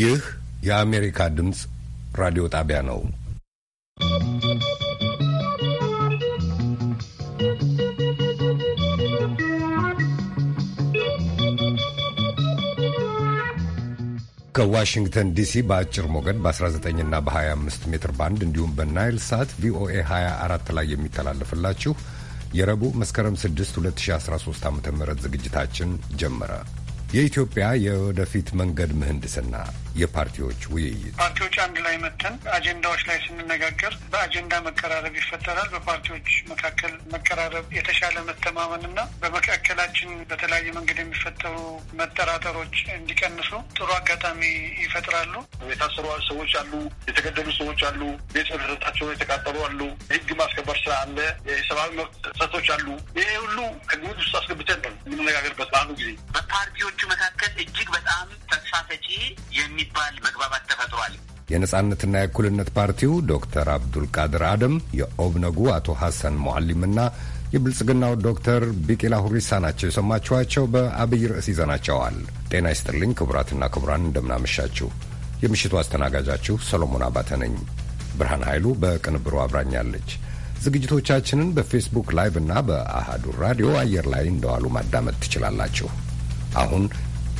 ይህ የአሜሪካ ድምፅ ራዲዮ ጣቢያ ነው። ከዋሽንግተን ዲሲ በአጭር ሞገድ በ19 እና በ25 ሜትር ባንድ እንዲሁም በናይል ሳት ቪኦኤ 24 ላይ የሚተላለፍላችሁ የረቡዕ መስከረም 6 2013 ዓ ም ዝግጅታችን ጀመረ። የኢትዮጵያ የወደፊት መንገድ ምህንድስና የፓርቲዎች ውይይት ፓርቲዎች አንድ ላይ መተን አጀንዳዎች ላይ ስንነጋገር በአጀንዳ መቀራረብ ይፈጠራል። በፓርቲዎች መካከል መቀራረብ የተሻለ መተማመንና በመካከላችን በተለያየ መንገድ የሚፈጠሩ መጠራጠሮች እንዲቀንሱ ጥሩ አጋጣሚ ይፈጥራሉ። የታሰሩ ሰዎች አሉ፣ የተገደሉ ሰዎች አሉ፣ ቤት ንብረታቸው የተቃጠሉ አሉ፣ ህግ ማስከበር ስራ አለ፣ የሰብአዊ መብት ጥሰቶች አሉ። ይሄ ሁሉ ከግምት ውስጥ አስገብተን ነው የምንነጋገርበት በአሁኑ ጊዜ በፓርቲዎቹ መካከል እጅግ በጣም ተስፋ ሰጪ የሚ የሚባል መግባባት ተፈጥሯል። የነጻነትና የእኩልነት ፓርቲው ዶክተር አብዱልቃድር አደም፣ የኦብነጉ አቶ ሐሰን ሞዓሊምና የብልጽግናው ዶክተር ቢቂላ ሁሪሳ ናቸው የሰማችኋቸው። በአብይ ርዕስ ይዘናቸዋል። ጤና ይስጥልኝ ክቡራትና ክቡራን፣ እንደምናመሻችሁ። የምሽቱ አስተናጋጃችሁ ሰሎሞን አባተ ነኝ። ብርሃን ኃይሉ በቅንብሩ አብራኛለች። ዝግጅቶቻችንን በፌስቡክ ላይቭ እና በአሃዱ ራዲዮ አየር ላይ እንደዋሉ ማዳመጥ ትችላላችሁ። አሁን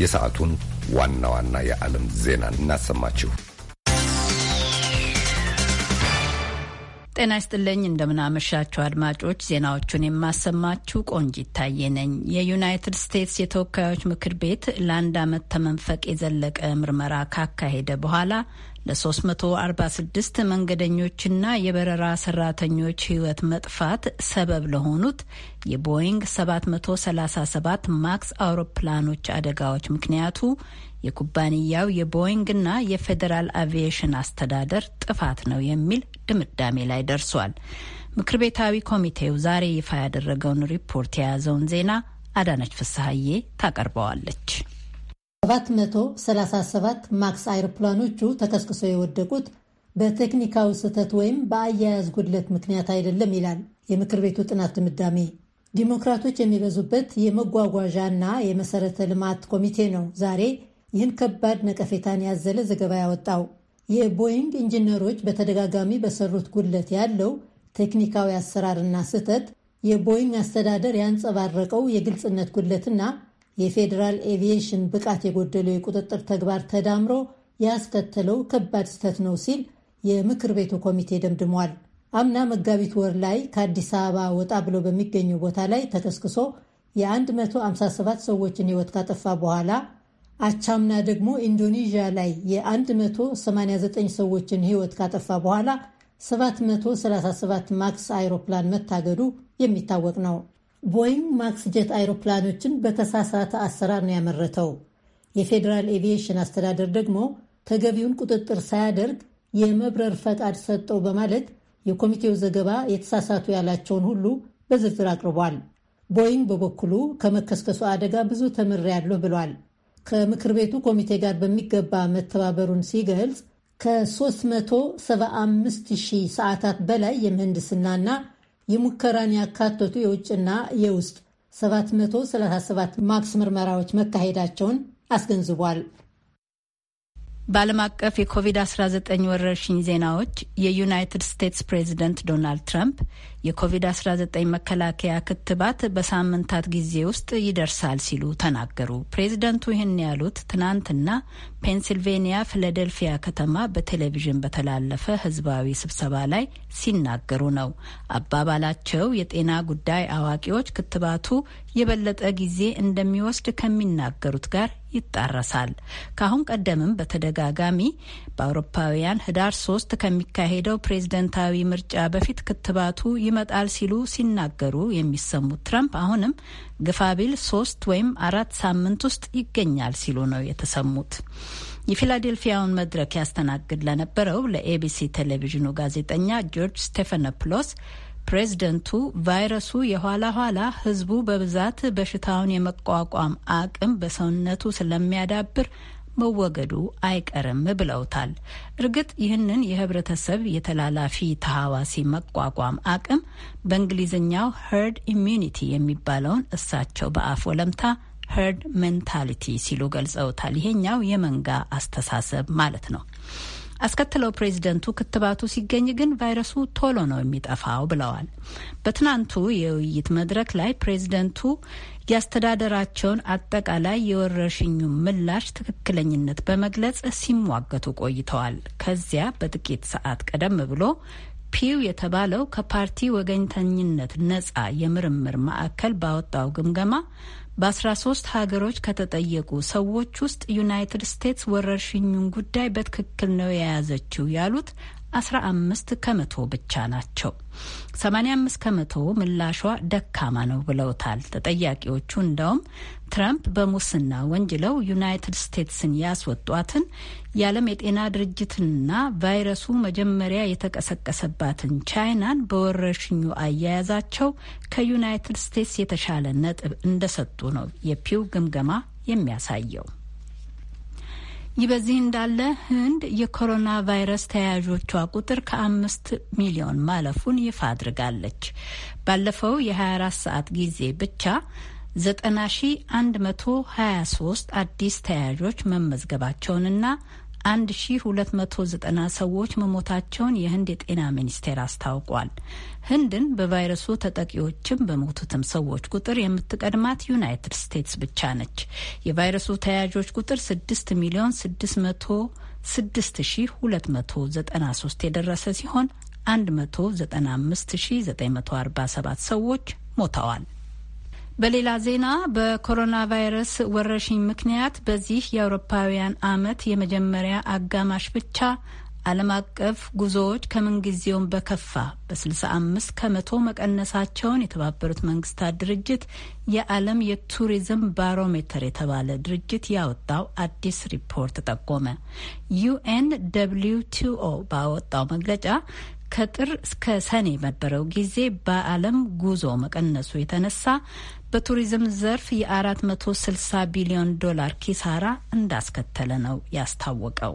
የሰዓቱን ዋና ዋና የዓለም ዜና እናሰማችሁ። ጤና ይስጥልኝ እንደምናመሻችሁ አድማጮች፣ ዜናዎቹን የማሰማችሁ ቆንጅ ይታየ ነኝ። የዩናይትድ ስቴትስ የተወካዮች ምክር ቤት ለአንድ ዓመት ተመንፈቅ የዘለቀ ምርመራ ካካሄደ በኋላ ለ346 መንገደኞችና የበረራ ሰራተኞች ሕይወት መጥፋት ሰበብ ለሆኑት የቦይንግ 737 ማክስ አውሮፕላኖች አደጋዎች ምክንያቱ የኩባንያው የቦይንግና የፌዴራል አቪዬሽን አስተዳደር ጥፋት ነው የሚል ድምዳሜ ላይ ደርሷል። ምክር ቤታዊ ኮሚቴው ዛሬ ይፋ ያደረገውን ሪፖርት የያዘውን ዜና አዳነች ፍስሐዬ ታቀርበዋለች። 737 ማክስ አይሮፕላኖቹ ተከስክሰው የወደቁት በቴክኒካዊ ስህተት ወይም በአያያዝ ጉድለት ምክንያት አይደለም ይላል የምክር ቤቱ ጥናት ድምዳሜ። ዲሞክራቶች የሚበዙበት የመጓጓዣና የመሰረተ ልማት ኮሚቴ ነው ዛሬ ይህን ከባድ ነቀፌታን ያዘለ ዘገባ ያወጣው። የቦይንግ ኢንጂነሮች በተደጋጋሚ በሰሩት ጉድለት ያለው ቴክኒካዊ አሰራርና ስህተት የቦይንግ አስተዳደር ያንጸባረቀው የግልጽነት ጉድለትና የፌዴራል ኤቪዬሽን ብቃት የጎደለው የቁጥጥር ተግባር ተዳምሮ ያስከተለው ከባድ ስህተት ነው ሲል የምክር ቤቱ ኮሚቴ ደምድሟል። አምና መጋቢት ወር ላይ ከአዲስ አበባ ወጣ ብሎ በሚገኘው ቦታ ላይ ተከስክሶ የ157 ሰዎችን ሕይወት ካጠፋ በኋላ አቻምና ደግሞ ኢንዶኔዥያ ላይ የ189 ሰዎችን ሕይወት ካጠፋ በኋላ 737 ማክስ አይሮፕላን መታገዱ የሚታወቅ ነው። ቦይንግ ማክስ ጀት አይሮፕላኖችን በተሳሳተ አሰራር ነው ያመረተው። የፌዴራል ኤቪዬሽን አስተዳደር ደግሞ ተገቢውን ቁጥጥር ሳያደርግ የመብረር ፈቃድ ሰጠው በማለት የኮሚቴው ዘገባ የተሳሳቱ ያላቸውን ሁሉ በዝርዝር አቅርቧል። ቦይንግ በበኩሉ ከመከስከሱ አደጋ ብዙ ተምሬያለሁ ብሏል። ከምክር ቤቱ ኮሚቴ ጋር በሚገባ መተባበሩን ሲገልጽ ከ375 ሺህ ሰዓታት በላይ የምህንድስናና የሙከራን ያካተቱ የውጭና የውስጥ 737 ማክስ ምርመራዎች መካሄዳቸውን አስገንዝቧል። በዓለም አቀፍ የኮቪድ-19 ወረርሽኝ ዜናዎች የዩናይትድ ስቴትስ ፕሬዚደንት ዶናልድ ትራምፕ የኮቪድ-19 መከላከያ ክትባት በሳምንታት ጊዜ ውስጥ ይደርሳል ሲሉ ተናገሩ። ፕሬዚደንቱ ይህን ያሉት ትናንትና ፔንሲልቬኒያ ፊላደልፊያ ከተማ በቴሌቪዥን በተላለፈ ህዝባዊ ስብሰባ ላይ ሲናገሩ ነው። አባባላቸው የጤና ጉዳይ አዋቂዎች ክትባቱ የበለጠ ጊዜ እንደሚወስድ ከሚናገሩት ጋር ይጣረሳል። ከአሁን ቀደምም በተደጋጋሚ በአውሮፓውያን ህዳር ሶስት ከሚካሄደው ፕሬዝደንታዊ ምርጫ በፊት ክትባቱ ይመጣል ሲሉ ሲናገሩ የሚሰሙት ትራምፕ አሁንም ግፋቢል ሶስት ወይም አራት ሳምንት ውስጥ ይገኛል ሲሉ ነው የተሰሙት። የፊላዴልፊያውን መድረክ ያስተናግድ ለነበረው ለኤቢሲ ቴሌቪዥኑ ጋዜጠኛ ጆርጅ ስቴፈኖፕሎስ ፕሬዝደንቱ ቫይረሱ የኋላ ኋላ ህዝቡ በብዛት በሽታውን የመቋቋም አቅም በሰውነቱ ስለሚያዳብር መወገዱ አይቀርም ብለውታል። እርግጥ ይህንን የህብረተሰብ የተላላፊ ተሐዋሲ መቋቋም አቅም በእንግሊዝኛው ሄርድ ኢሚዩኒቲ የሚባለውን እሳቸው በአፍ ወለምታ ሄርድ ሜንታሊቲ ሲሉ ገልጸውታል። ይሄኛው የመንጋ አስተሳሰብ ማለት ነው። አስከትለው ፕሬዚደንቱ ክትባቱ ሲገኝ ግን ቫይረሱ ቶሎ ነው የሚጠፋው ብለዋል። በትናንቱ የውይይት መድረክ ላይ ፕሬዚደንቱ የአስተዳደራቸውን አጠቃላይ የወረርሽኙ ምላሽ ትክክለኝነት በመግለጽ ሲሟገቱ ቆይተዋል። ከዚያ በጥቂት ሰዓት ቀደም ብሎ ፒው የተባለው ከፓርቲ ወገኝተኝነት ነጻ የምርምር ማዕከል ባወጣው ግምገማ በ13 ሀገሮች ከተጠየቁ ሰዎች ውስጥ ዩናይትድ ስቴትስ ወረርሽኙን ጉዳይ በትክክል ነው የያዘችው ያሉት 15 ከመቶ ብቻ ናቸው። 85 ከመቶ ምላሿ ደካማ ነው ብለውታል። ተጠያቂዎቹ እንደውም ትራምፕ በሙስና ወንጅለው ዩናይትድ ስቴትስን ያስወጧትን የዓለም የጤና ድርጅትንና ቫይረሱ መጀመሪያ የተቀሰቀሰባትን ቻይናን በወረርሽኙ አያያዛቸው ከዩናይትድ ስቴትስ የተሻለ ነጥብ እንደሰጡ ነው የፒው ግምገማ የሚያሳየው። ይህ በዚህ እንዳለ ህንድ የኮሮና ቫይረስ ተያያዦቿ ቁጥር ከአምስት ሚሊዮን ማለፉን ይፋ አድርጋለች። ባለፈው የ24 ሰዓት ጊዜ ብቻ 90123 አዲስ ተያያዦች መመዝገባቸውንና 1290 ሰዎች መሞታቸውን የህንድ የጤና ሚኒስቴር አስታውቋል። ህንድን በቫይረሱ ተጠቂዎችም በሞቱትም ሰዎች ቁጥር የምትቀድማት ዩናይትድ ስቴትስ ብቻ ነች። የቫይረሱ ተያዦች ቁጥር 6 ሚሊዮን 606293 የደረሰ ሲሆን 195947 ሰዎች ሞተዋል። በሌላ ዜና በኮሮና ቫይረስ ወረርሽኝ ምክንያት በዚህ የአውሮፓውያን አመት የመጀመሪያ አጋማሽ ብቻ ዓለም አቀፍ ጉዞዎች ከምንጊዜውም በከፋ በ65 ከመቶ መቀነሳቸውን የተባበሩት መንግስታት ድርጅት የዓለም የቱሪዝም ባሮሜተር የተባለ ድርጅት ያወጣው አዲስ ሪፖርት ጠቆመ። ዩኤን ደብልዩ ቲኦ ባወጣው መግለጫ ከጥር እስከ ሰኔ በነበረው ጊዜ በዓለም ጉዞ መቀነሱ የተነሳ በቱሪዝም ዘርፍ የ460 ቢሊዮን ዶላር ኪሳራ እንዳስከተለ ነው ያስታወቀው።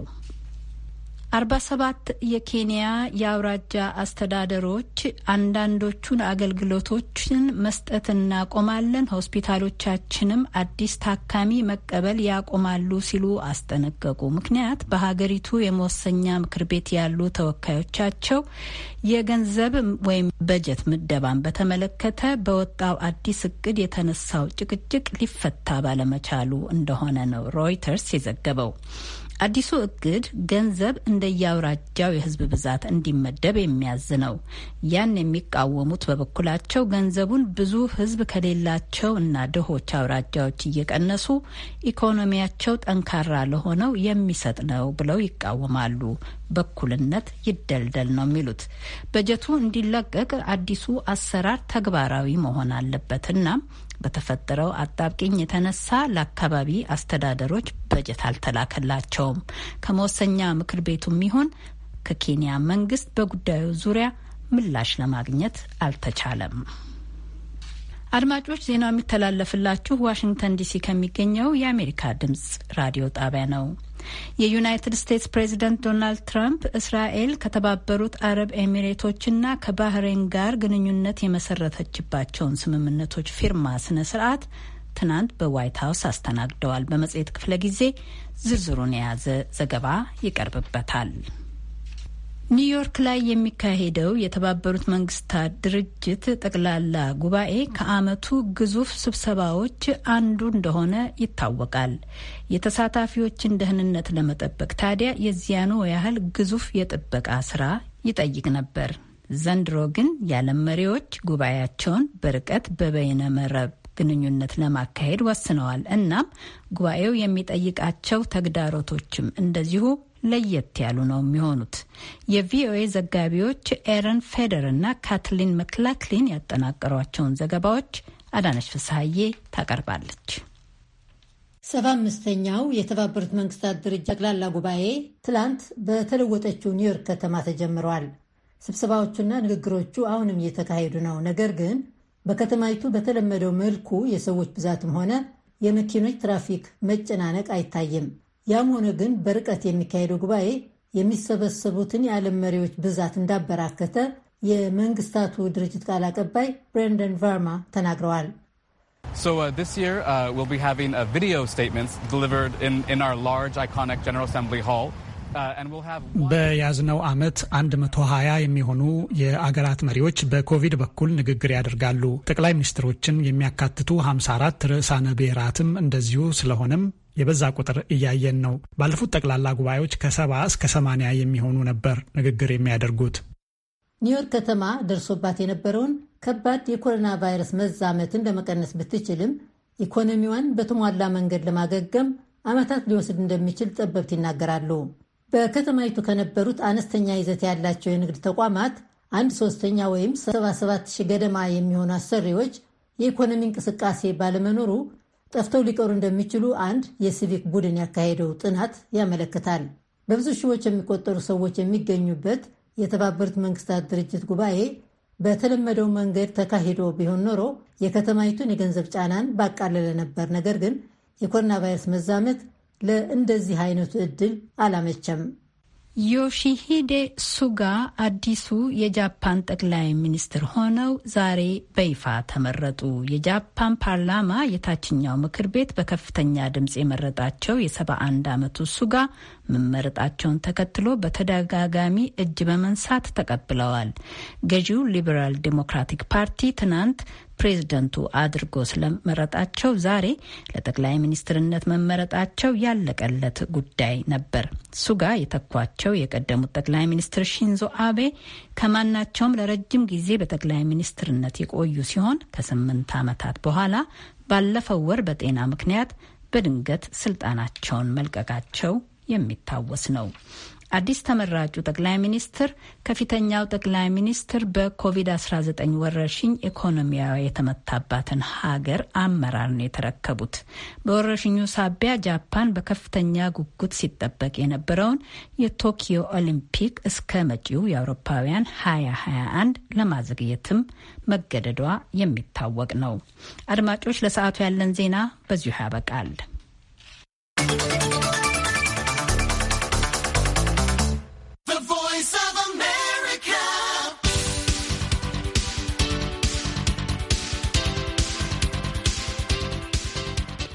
አርባ ሰባት የኬንያ የአውራጃ አስተዳደሮች አንዳንዶቹን አገልግሎቶችን መስጠት እናቆማለን፣ ሆስፒታሎቻችንም አዲስ ታካሚ መቀበል ያቆማሉ ሲሉ አስጠነቀቁ። ምክንያት በሀገሪቱ የመወሰኛ ምክር ቤት ያሉ ተወካዮቻቸው የገንዘብ ወይም በጀት ምደባን በተመለከተ በወጣው አዲስ እቅድ የተነሳው ጭቅጭቅ ሊፈታ ባለመቻሉ እንደሆነ ነው ሮይተርስ የዘገበው። አዲሱ እቅድ ገንዘብ እንደየአውራጃው የህዝብ ብዛት እንዲመደብ የሚያዝ ነው። ያን የሚቃወሙት በበኩላቸው ገንዘቡን ብዙ ህዝብ ከሌላቸው እና ድሆች አውራጃዎች እየቀነሱ ኢኮኖሚያቸው ጠንካራ ለሆነው የሚሰጥ ነው ብለው ይቃወማሉ። በኩልነት ይደልደል ነው የሚሉት። በጀቱ እንዲለቀቅ አዲሱ አሰራር ተግባራዊ መሆን አለበትና በተፈጠረው አጣብቂኝ የተነሳ ለአካባቢ አስተዳደሮች በጀት አልተላከላቸውም። ከመወሰኛ ምክር ቤቱም ይሁን ከኬንያ መንግስት በጉዳዩ ዙሪያ ምላሽ ለማግኘት አልተቻለም። አድማጮች ዜናው የሚተላለፍላችሁ ዋሽንግተን ዲሲ ከሚገኘው የአሜሪካ ድምጽ ራዲዮ ጣቢያ ነው። የዩናይትድ ስቴትስ ፕሬዚደንት ዶናልድ ትራምፕ እስራኤል ከተባበሩት አረብ ኤሚሬቶችና ከባህሬን ጋር ግንኙነት የመሰረተችባቸውን ስምምነቶች ፊርማ ስነ ስርዓት ትናንት በዋይት ሀውስ አስተናግደዋል። በመጽሔት ክፍለ ጊዜ ዝርዝሩን የያዘ ዘገባ ይቀርብበታል። ኒውዮርክ ላይ የሚካሄደው የተባበሩት መንግስታት ድርጅት ጠቅላላ ጉባኤ ከዓመቱ ግዙፍ ስብሰባዎች አንዱ እንደሆነ ይታወቃል። የተሳታፊዎችን ደህንነት ለመጠበቅ ታዲያ የዚያኑ ያህል ግዙፍ የጥበቃ ስራ ይጠይቅ ነበር። ዘንድሮ ግን የዓለም መሪዎች ጉባኤያቸውን በርቀት በበይነ መረብ ግንኙነት ለማካሄድ ወስነዋል። እናም ጉባኤው የሚጠይቃቸው ተግዳሮቶችም እንደዚሁ ለየት ያሉ ነው የሚሆኑት። የቪኦኤ ዘጋቢዎች ኤረን ፌደር እና ካትሊን መክላክሊን ያጠናቀሯቸውን ዘገባዎች አዳነች ፍስሀዬ ታቀርባለች። ሰባ አምስተኛው የተባበሩት መንግስታት ድርጅት ጠቅላላ ጉባኤ ትላንት በተለወጠችው ኒውዮርክ ከተማ ተጀምሯል። ስብሰባዎቹና ንግግሮቹ አሁንም እየተካሄዱ ነው። ነገር ግን በከተማይቱ በተለመደው መልኩ የሰዎች ብዛትም ሆነ የመኪኖች ትራፊክ መጨናነቅ አይታይም። ያም ሆነ ግን በርቀት የሚካሄደው ጉባኤ የሚሰበሰቡትን የዓለም መሪዎች ብዛት እንዳበራከተ የመንግስታቱ ድርጅት ቃል አቀባይ ብሬንደን ቫርማ ተናግረዋል። uh, በያዝነው ዓመት 120 የሚሆኑ የአገራት መሪዎች በኮቪድ በኩል ንግግር ያደርጋሉ። ጠቅላይ ሚኒስትሮችን የሚያካትቱ 54 ርዕሳነ ብሔራትም እንደዚሁ ስለሆነም የበዛ ቁጥር እያየን ነው። ባለፉት ጠቅላላ ጉባኤዎች ከሰባ እስከ ሰማንያ የሚሆኑ ነበር ንግግር የሚያደርጉት። ኒውዮርክ ከተማ ደርሶባት የነበረውን ከባድ የኮሮና ቫይረስ መዛመትን ለመቀነስ ብትችልም ኢኮኖሚዋን በተሟላ መንገድ ለማገገም ዓመታት ሊወስድ እንደሚችል ጠበብት ይናገራሉ። በከተማይቱ ከነበሩት አነስተኛ ይዘት ያላቸው የንግድ ተቋማት አንድ ሶስተኛ ወይም 77 ሺህ ገደማ የሚሆኑ አሰሪዎች የኢኮኖሚ እንቅስቃሴ ባለመኖሩ ጠፍተው ሊቀሩ እንደሚችሉ አንድ የሲቪክ ቡድን ያካሄደው ጥናት ያመለክታል። በብዙ ሺዎች የሚቆጠሩ ሰዎች የሚገኙበት የተባበሩት መንግስታት ድርጅት ጉባኤ በተለመደው መንገድ ተካሂዶ ቢሆን ኖሮ የከተማይቱን የገንዘብ ጫናን ባቃለለ ነበር። ነገር ግን የኮሮና ቫይረስ መዛመት ለእንደዚህ አይነቱ እድል አላመቸም። ዮሺሂዴ ሱጋ አዲሱ የጃፓን ጠቅላይ ሚኒስትር ሆነው ዛሬ በይፋ ተመረጡ። የጃፓን ፓርላማ የታችኛው ምክር ቤት በከፍተኛ ድምፅ የመረጣቸው የ71 ዓመቱ ሱጋ መመረጣቸውን ተከትሎ በተደጋጋሚ እጅ በመንሳት ተቀብለዋል። ገዢው ሊበራል ዴሞክራቲክ ፓርቲ ትናንት ፕሬዝደንቱ አድርጎ ስለመረጣቸው ዛሬ ለጠቅላይ ሚኒስትርነት መመረጣቸው ያለቀለት ጉዳይ ነበር። ሱጋ የተኳቸው የቀደሙት ጠቅላይ ሚኒስትር ሺንዞ አቤ ከማናቸውም ለረጅም ጊዜ በጠቅላይ ሚኒስትርነት የቆዩ ሲሆን ከስምንት ዓመታት በኋላ ባለፈው ወር በጤና ምክንያት በድንገት ስልጣናቸውን መልቀቃቸው የሚታወስ ነው። አዲስ ተመራጩ ጠቅላይ ሚኒስትር ከፊተኛው ጠቅላይ ሚኒስትር በኮቪድ-19 ወረርሽኝ ኢኮኖሚያዊ የተመታባትን ሀገር አመራር ነው የተረከቡት። በወረርሽኙ ሳቢያ ጃፓን በከፍተኛ ጉጉት ሲጠበቅ የነበረውን የቶኪዮ ኦሊምፒክ እስከ መጪው የአውሮፓውያን 2021 ለማዘግየትም መገደዷ የሚታወቅ ነው። አድማጮች፣ ለሰዓቱ ያለን ዜና በዚሁ ያበቃል።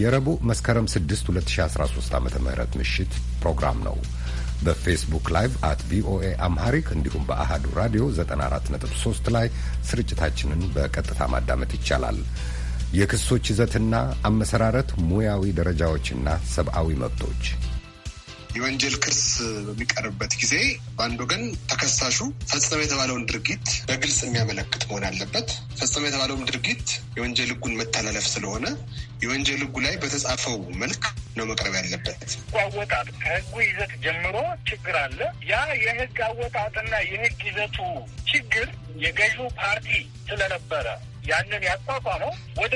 የረቡዕ መስከረም 6 2013 ዓ ም ምሽት ፕሮግራም ነው። በፌስቡክ ላይቭ አት ቪኦኤ አምሃሪክ እንዲሁም በአሃዱ ራዲዮ 94.3 ላይ ስርጭታችንን በቀጥታ ማዳመጥ ይቻላል። የክሶች ይዘትና አመሰራረት፣ ሙያዊ ደረጃዎችና ሰብአዊ መብቶች የወንጀል ክስ በሚቀርብበት ጊዜ በአንድ ወገን ተከሳሹ ፈጸመ የተባለውን ድርጊት በግልጽ የሚያመለክት መሆን አለበት። ፈጸመ የተባለውም ድርጊት የወንጀል ህጉን መተላለፍ ስለሆነ የወንጀል ህጉ ላይ በተጻፈው መልክ ነው መቅረብ ያለበት። ህጉ አወጣጥ ከህጉ ይዘት ጀምሮ ችግር አለ። ያ የህግ አወጣጥና የህግ ይዘቱ ችግር የገዢው ፓርቲ ስለነበረ ያንን ያቋቋመው ወደ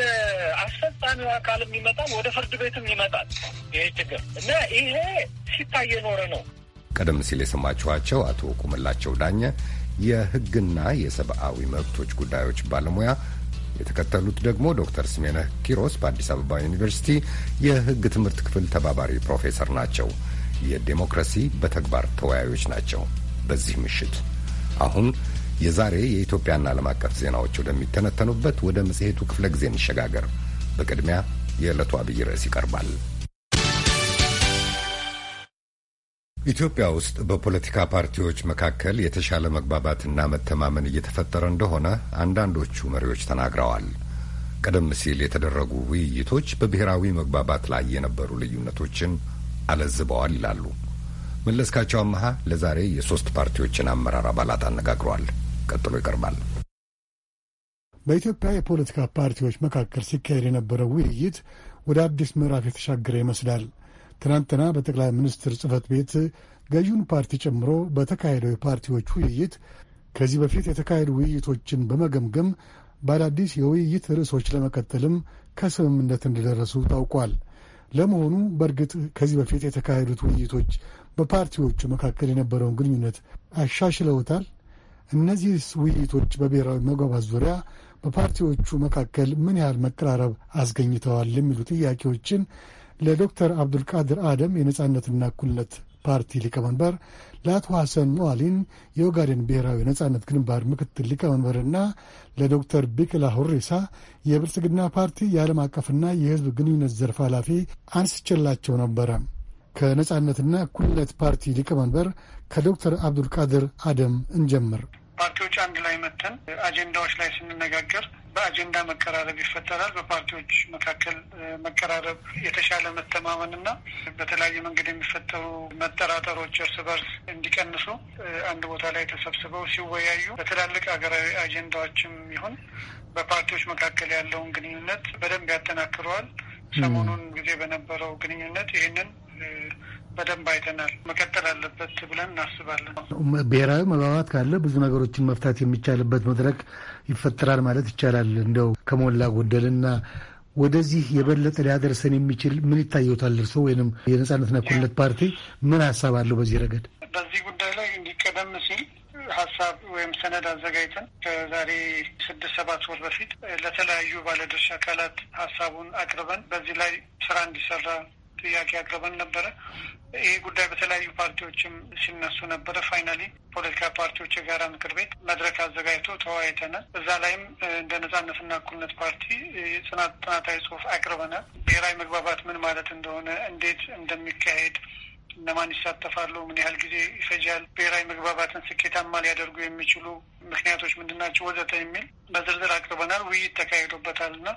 አስፈጻሚው አካልም ይመጣል፣ ወደ ፍርድ ቤትም ይመጣል። ይሄ ችግር እና ይሄ ሲታይ የኖረ ነው። ቀደም ሲል የሰማችኋቸው አቶ ቁምላቸው ዳኘ የሕግና የሰብአዊ መብቶች ጉዳዮች ባለሙያ የተከተሉት ደግሞ ዶክተር ስሜነህ ኪሮስ በአዲስ አበባ ዩኒቨርሲቲ የሕግ ትምህርት ክፍል ተባባሪ ፕሮፌሰር ናቸው። የዴሞክራሲ በተግባር ተወያዮች ናቸው። በዚህ ምሽት አሁን የዛሬ የኢትዮጵያና ዓለም አቀፍ ዜናዎች ወደሚተነተኑበት ወደ መጽሔቱ ክፍለ ጊዜ እንሸጋገር። በቅድሚያ የዕለቱ አብይ ርዕስ ይቀርባል። ኢትዮጵያ ውስጥ በፖለቲካ ፓርቲዎች መካከል የተሻለ መግባባትና መተማመን እየተፈጠረ እንደሆነ አንዳንዶቹ መሪዎች ተናግረዋል። ቀደም ሲል የተደረጉ ውይይቶች በብሔራዊ መግባባት ላይ የነበሩ ልዩነቶችን አለዝበዋል ይላሉ። መለስካቸው አመሃ ለዛሬ የሶስት ፓርቲዎችን አመራር አባላት አነጋግሯል። ቀጥሎ ይቀርባል። በኢትዮጵያ የፖለቲካ ፓርቲዎች መካከል ሲካሄድ የነበረው ውይይት ወደ አዲስ ምዕራፍ የተሻገረ ይመስላል። ትናንትና በጠቅላይ ሚኒስትር ጽህፈት ቤት ገዢውን ፓርቲ ጨምሮ በተካሄደው የፓርቲዎች ውይይት ከዚህ በፊት የተካሄዱ ውይይቶችን በመገምገም በአዳዲስ የውይይት ርዕሶች ለመቀጠልም ከስምምነት እንደደረሱ ታውቋል። ለመሆኑ በእርግጥ ከዚህ በፊት የተካሄዱት ውይይቶች በፓርቲዎቹ መካከል የነበረውን ግንኙነት አሻሽለውታል? እነዚህ ውይይቶች በብሔራዊ መግባባት ዙሪያ በፓርቲዎቹ መካከል ምን ያህል መቀራረብ አስገኝተዋል የሚሉ ጥያቄዎችን ለዶክተር አብዱልቃድር አደም የነጻነትና እኩልነት ፓርቲ ሊቀመንበር ለአቶ ሐሰን ሞዋሊን የኦጋዴን ብሔራዊ ነጻነት ግንባር ምክትል ሊቀመንበርና ለዶክተር ቢቅላ ሁሬሳ የብልጽግና ፓርቲ የዓለም አቀፍና የሕዝብ ግንኙነት ዘርፍ ኃላፊ አንስቼላቸው ነበረ። ከነጻነትና እኩልነት ፓርቲ ሊቀመንበር ከዶክተር አብዱልቃድር አደም እንጀምር። ፓርቲዎች አንድ ላይ መተን አጀንዳዎች ላይ ስንነጋገር በአጀንዳ መቀራረብ ይፈጠራል። በፓርቲዎች መካከል መቀራረብ የተሻለ መተማመን እና በተለያየ መንገድ የሚፈጠሩ መጠራጠሮች እርስ በርስ እንዲቀንሱ አንድ ቦታ ላይ ተሰብስበው ሲወያዩ በትላልቅ ሀገራዊ አጀንዳዎችም ይሁን በፓርቲዎች መካከል ያለውን ግንኙነት በደንብ ያጠናክረዋል። ሰሞኑን ጊዜ በነበረው ግንኙነት ይህንን በደንብ አይተናል። መቀጠል አለበት ብለን እናስባለን። ብሔራዊ መግባባት ካለ ብዙ ነገሮችን መፍታት የሚቻልበት መድረክ ይፈጠራል ማለት ይቻላል። እንደው ከሞላ ጎደልና ወደዚህ የበለጠ ሊያደርሰን የሚችል ምን ይታየውታል እርሶ? ወይም የነጻነትና እኩልነት ፓርቲ ምን ሀሳብ አለው በዚህ ረገድ? በዚህ ጉዳይ ላይ እንዲቀደም ሲል ሀሳብ ወይም ሰነድ አዘጋጅተን ከዛሬ ስድስት ሰባት ወር በፊት ለተለያዩ ባለድርሻ አካላት ሀሳቡን አቅርበን በዚህ ላይ ስራ እንዲሰራ ጥያቄ አቅርበን ነበረ። ይህ ጉዳይ በተለያዩ ፓርቲዎችም ሲነሱ ነበረ። ፋይናሊ ፖለቲካ ፓርቲዎች የጋራ ምክር ቤት መድረክ አዘጋጅቶ ተወያይተናል። እዛ ላይም እንደ ነጻነትና እኩልነት ፓርቲ ጽናት ጥናታዊ ጽሁፍ አቅርበናል። ብሔራዊ መግባባት ምን ማለት እንደሆነ፣ እንዴት እንደሚካሄድ እነማን ይሳተፋሉ? ምን ያህል ጊዜ ይፈጃል? ብሔራዊ መግባባትን ስኬታማ ሊያደርጉ የሚችሉ ምክንያቶች ምንድናቸው ወዘተ የሚል በዝርዝር አቅርበናል። ውይይት ተካሂዶበታል እና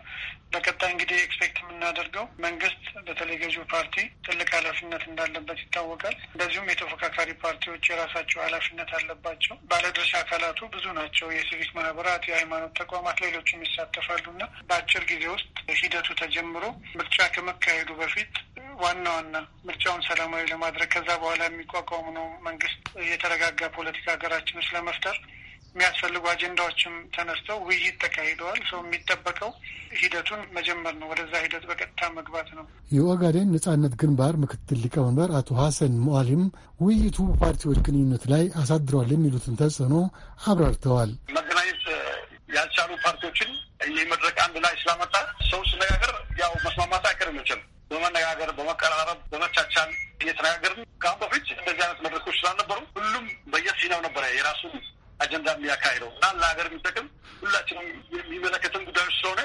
በቀጣይ እንግዲህ ኤክስፔክት የምናደርገው መንግስት በተለይ ገዢው ፓርቲ ትልቅ ኃላፊነት እንዳለበት ይታወቃል። እንደዚሁም የተፎካካሪ ፓርቲዎች የራሳቸው ኃላፊነት አለባቸው። ባለድርሻ አካላቱ ብዙ ናቸው። የሲቪክ ማህበራት፣ የሃይማኖት ተቋማት፣ ሌሎችም ይሳተፋሉ እና በአጭር ጊዜ ውስጥ ሂደቱ ተጀምሮ ምርጫ ከመካሄዱ በፊት ዋና ዋና ምርጫውን ሰላማዊ ለማድረግ ከዛ በኋላ የሚቋቋሙ ነው መንግስት የተረጋጋ ፖለቲካ ሀገራችን ውስጥ ለመፍጠር የሚያስፈልጉ አጀንዳዎችም ተነስተው ውይይት ተካሂደዋል። ሰው የሚጠበቀው ሂደቱን መጀመር ነው፣ ወደዛ ሂደት በቀጥታ መግባት ነው። የኦጋዴን ነጻነት ግንባር ምክትል ሊቀመንበር አቶ ሀሰን ሞአሊም ውይይቱ በፓርቲዎች ግንኙነት ላይ አሳድሯል የሚሉትን ተጽዕኖ አብራርተዋል። መገናኘት ያልቻሉ ፓርቲዎችን ይህ መድረክ አንድ ላይ ስላመጣ ሰው ስነጋገር ያው መስማማት አይቀርም መቼም በመነጋገር በመቀራረብ በመቻቻል እየተነጋገርን ከአሁን በፊት እንደዚህ አይነት መድረኮች ስላልነበሩ ሁሉም በየፊናው ነበረ የራሱን አጀንዳ የሚያካሂደው እና ለሀገር የሚጠቅም ሁላችንም የሚመለከትን ጉዳዮች ስለሆነ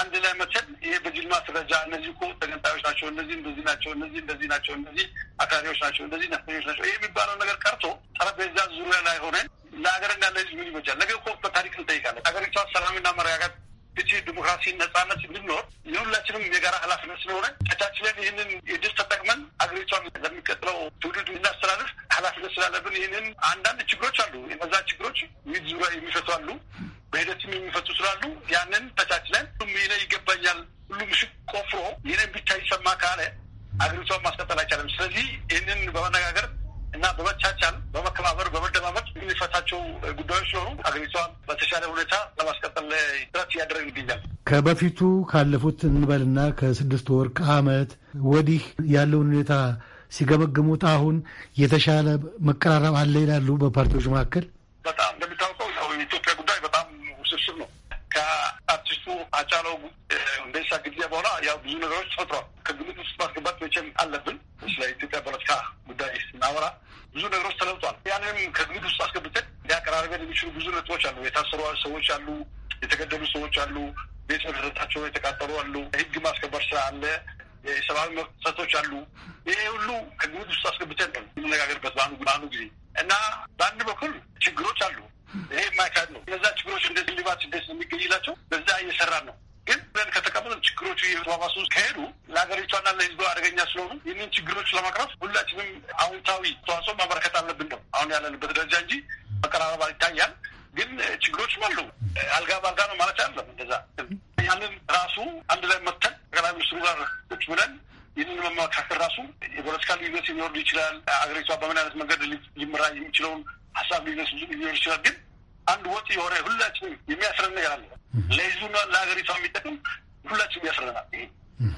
አንድ ላይ መቸል ይሄ በዚህ ማስረጃ እነዚህ እኮ ተገንጣዮች ናቸው፣ እነዚህ እንደዚህ ናቸው፣ እነዚህ እንደዚህ ናቸው፣ እነዚህ አክራሪዎች ናቸው፣ እነዚህ ነፍተኞች ናቸው፣ ይህ የሚባለው ነገር ቀርቶ ጠረጴዛ ዙሪያ ላይ ሆነን ለሀገርና ለህዝብ ምን ይመቻል? ነገ እኮ በታሪክ እንጠይቃለን። ሀገሪቷ ሰላምና መረጋጋት እቺ ዲሞክራሲ ነጻነት እንድኖር የሁላችንም የጋራ ኃላፊነት ስለሆነ እቻችለን ይህንን እድል ተጠቅመን አገሪቷን ለሚቀጥለው ትውልድ እናስተላልፍ ኃላፊነት ስላለብን ይህንን አንዳንድ ችግሮች አሉ። እነዛ ችግሮች ውይይት ዙሪያ የሚፈቱ አሉ፣ በሂደትም የሚፈቱ ስላሉ ያንን ተቻችለን ሁሉም ይሄ ይገባኛል ሁሉም ምሽግ ቆፍሮ ይህንን ብቻ ይሰማ ካለ አገሪቷን ማስቀጠል አይቻልም። ስለዚህ ይህንን በመነጋገር እና በመቻቻል በመከባበር በመደማመጥ የሚፈታቸው ጉዳዮች ሲሆኑ አገሪቷን በተሻለ ሁኔታ ለማስቀጠል ጥረት እያደረግ ይገኛል። ከበፊቱ ካለፉት እንበልና ከስድስት ወር ከዓመት ወዲህ ያለውን ሁኔታ ሲገመግሙት አሁን የተሻለ መቀራረብ አለ ይላሉ በፓርቲዎች መካከል በጣም አጫለው ቤሳ ግድያ በኋላ ያው ብዙ ነገሮች ተፈጥሯል። ከግምት ውስጥ ማስገባት መቼም አለብን። ስለ ኢትዮጵያ ፖለቲካ ጉዳይ ስናወራ ብዙ ነገሮች ተለውጧል። ያንንም ከግምት ውስጥ አስገብተን ሊያቀራርበን የሚችሉ ብዙ ነጥቦች አሉ። የታሰሩ ሰዎች አሉ፣ የተገደሉ ሰዎች አሉ፣ ቤት መሰረታቸው የተቃጠሉ አሉ፣ ህግ ማስከበር ስራ አለ፣ የሰብአዊ መብት ጥሰቶች አሉ። ይሄ ሁሉ ከግምት ውስጥ አስገብተን ነው የምነጋገርበት በአሁኑ ጊዜ እና በአንድ በኩል ችግሮች አሉ ይሄ የማይካድ ነው። እነዛ ችግሮች እንደዚህ ሊባት ስደት የሚገኝላቸው በዛ እየሰራን ነው። ግን ብለን ከተቀመጠ ችግሮቹ እየተባባሱ ከሄዱ ለሀገሪቷና ለሕዝቡ አደገኛ ስለሆኑ ይህንን ችግሮች ለማቅረፍ ሁላችንም አውንታዊ ተዋጽኦ ማበረከት አለብን ነው አሁን ያለንበት ደረጃ እንጂ መቀራረባ ይታያል። ግን ችግሮች አሉ። አልጋ በአልጋ ነው ማለት አይደለም። እንደዛ ያንን ራሱ አንድ ላይ መተን ጠቅላይ ሚኒስትሩ ጋር ቁጭ ብለን ይህንን መመካከል ራሱ የፖለቲካ ልዩነት ሊወርድ ይችላል። አገሪቷ በምን አይነት መንገድ ሊመራ የሚችለውን ሀሳብ ሊነሱ ሊኖር ይችላል። ግን አንድ ወጥ የሆነ ሁላችንም የሚያስረን ነገር አለ። ለይዙና ለሀገሪቷ የሚጠቅም ሁላችንም ያስረናል።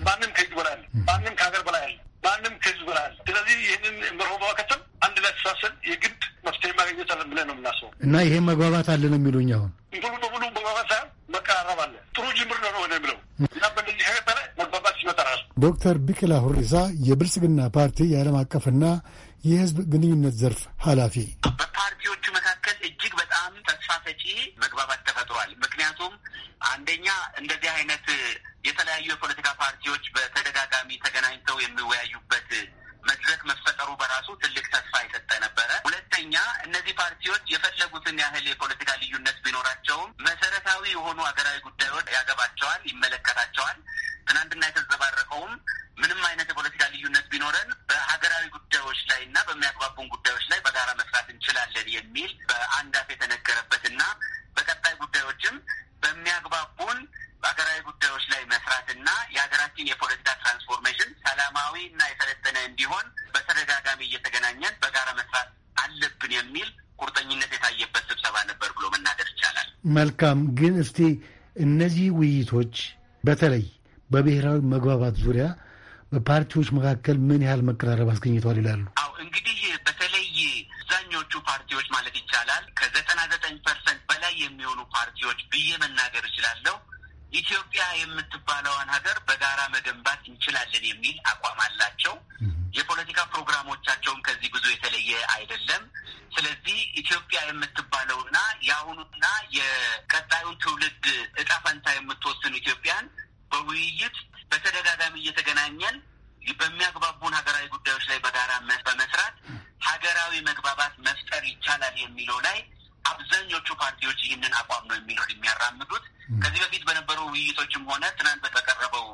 ማንም ከህግ በላይ አለ፣ ማንም ከሀገር በላይ አለ፣ ማንም ከህዝብ በላይ አለ። ስለዚህ ይህንን መርሆ በመከተል አንድ ላይ ተሳሰል የግድ መፍትሄ ማግኘት አለን ብለን ነው የምናስበው። እና ይሄ መግባባት አለ ነው የሚሉኝ አሁን ሙሉ በሙሉ መግባባት ሳይሆን መቀራረብ አለ። ጥሩ ጅምር ነው ሆነ የሚለው እና በእንደዚህ መግባባት ይመጣ ራሱ ዶክተር ቢቅላ ሁሪሳ የብልጽግና ፓርቲ የዓለም አቀፍና የህዝብ ግንኙነት ዘርፍ ኃላፊ በፓርቲዎቹ መካከል እጅግ በጣም ተስፋ ሰጪ መግባባት ተፈጥሯል። ምክንያቱም አንደኛ እንደዚህ አይነት የተለያዩ የፖለቲካ ፓርቲዎች በተደጋጋሚ ተገናኝተው የሚወያዩበት መድረክ መፈጠሩ በራሱ ትልቅ ተስፋ የሰጠ ነበረ። ሁለተኛ እነዚህ ፓርቲዎች የፈለጉትን ያህል የፖለቲካ ልዩነት ቢኖራቸውም መሰረታዊ የሆኑ ሀገራዊ ጉዳዮች ያገባቸዋል፣ ይመለከታቸዋል። ትናንትና የተንጸባረቀውም ምንም አይነት የፖለቲካ ልዩነት ቢኖረን የሚል በአንድ አፍ የተነገረበት ና በቀጣይ ጉዳዮችም በሚያግባቡን ሀገራዊ ጉዳዮች ላይ መስራትና የሀገራችን የፖለቲካ ትራንስፎርሜሽን ሰላማዊ እና የሰለጠነ እንዲሆን በተደጋጋሚ እየተገናኘን በጋራ መስራት አለብን የሚል ቁርጠኝነት የታየበት ስብሰባ ነበር ብሎ መናገር ይቻላል። መልካም። ግን እስቲ እነዚህ ውይይቶች በተለይ በብሔራዊ መግባባት ዙሪያ በፓርቲዎች መካከል ምን ያህል መቀራረብ አስገኝተዋል ይላሉ? አዎ የሚሆኑ ፓርቲዎች ብዬ መናገር እችላለሁ። ኢትዮጵያ የምትባለዋን ሀገር በጋራ መገንባት እንችላለን የሚል አቋም አላቸው። የፖለቲካ ፕሮግራሞቻቸውም ከዚህ ብዙ የተለየ አይደለም። ስለዚህ ኢትዮጵያ የምትባለውና የአሁኑና የቀጣዩን ትውልድ እጣ ፈንታ የምትወስኑ ኢትዮጵያን በውይይት በተደጋጋሚ እየተገናኘን በሚያግባቡን ሀገራዊ ጉዳዮች ላይ በጋራ በመስራት ሀገራዊ መግባባት መፍጠር ይቻላል የሚለው ላይ አብዛኞቹ ፓርቲዎች ይህንን አቋም ነው የሚለው የሚያራምዱት። ከዚህ በፊት በነበሩ ውይይቶችም ሆነ ትናንት በተቀረበው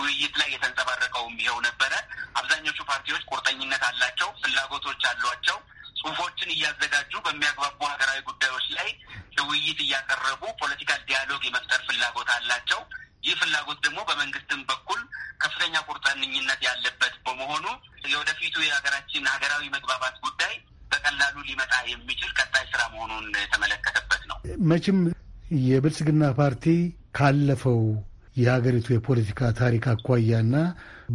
ውይይት ላይ የተንጸባረቀውም ይኸው ነበረ። አብዛኞቹ ፓርቲዎች ቁርጠኝነት አላቸው፣ ፍላጎቶች አሏቸው። ጽሁፎችን እያዘጋጁ በሚያግባቡ ሀገራዊ ጉዳዮች ላይ ውይይት እያቀረቡ ፖለቲካል ዲያሎግ የመፍጠር ፍላጎት አላቸው። ይህ ፍላጎት ደግሞ በመንግስትም በኩል ከፍተኛ ቁርጠኝነት ያለበት በመሆኑ የወደፊቱ የሀገራችን ሀገራዊ መግባባት ጉዳይ በቀላሉ ሊመጣ የሚችል ቀጣይ ስራ መሆኑን የተመለከተበት ነው። መቼም የብልጽግና ፓርቲ ካለፈው የሀገሪቱ የፖለቲካ ታሪክ አኳያና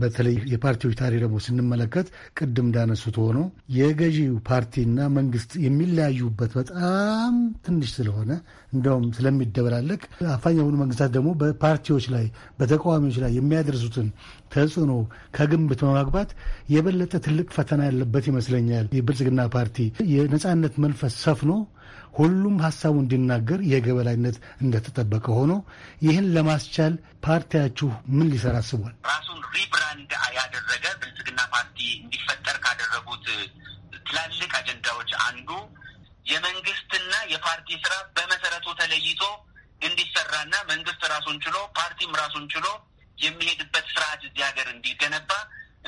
በተለይ የፓርቲዎች ታሪክ ደግሞ ስንመለከት ቅድም እንዳነሱት ሆኖ የገዢው ፓርቲና መንግስት የሚለያዩበት በጣም ትንሽ ስለሆነ እንደውም ስለሚደበላለቅ አፋኝ የሆኑ መንግስታት ደግሞ በፓርቲዎች ላይ በተቃዋሚዎች ላይ የሚያደርሱትን ተጽዕኖ ከግምት በማግባት የበለጠ ትልቅ ፈተና ያለበት ይመስለኛል። የብልጽግና ፓርቲ የነጻነት መንፈስ ሰፍኖ ሁሉም ሀሳቡ እንዲናገር የገበላይነት እንደተጠበቀ ሆኖ ይህን ለማስቻል ፓርቲያችሁ ምን ሊሰራ አስቧል? ራሱን ሪብራንድ ያደረገ ብልጽግና ፓርቲ እንዲፈጠር ካደረጉት ትላልቅ አጀንዳዎች አንዱ የመንግስትና የፓርቲ ስራ በመሰረቱ ተለይቶ እንዲሰራና መንግስት ራሱን ችሎ ፓርቲም ራሱን ችሎ የሚሄድበት ስርዓት እዚህ ሀገር እንዲገነባ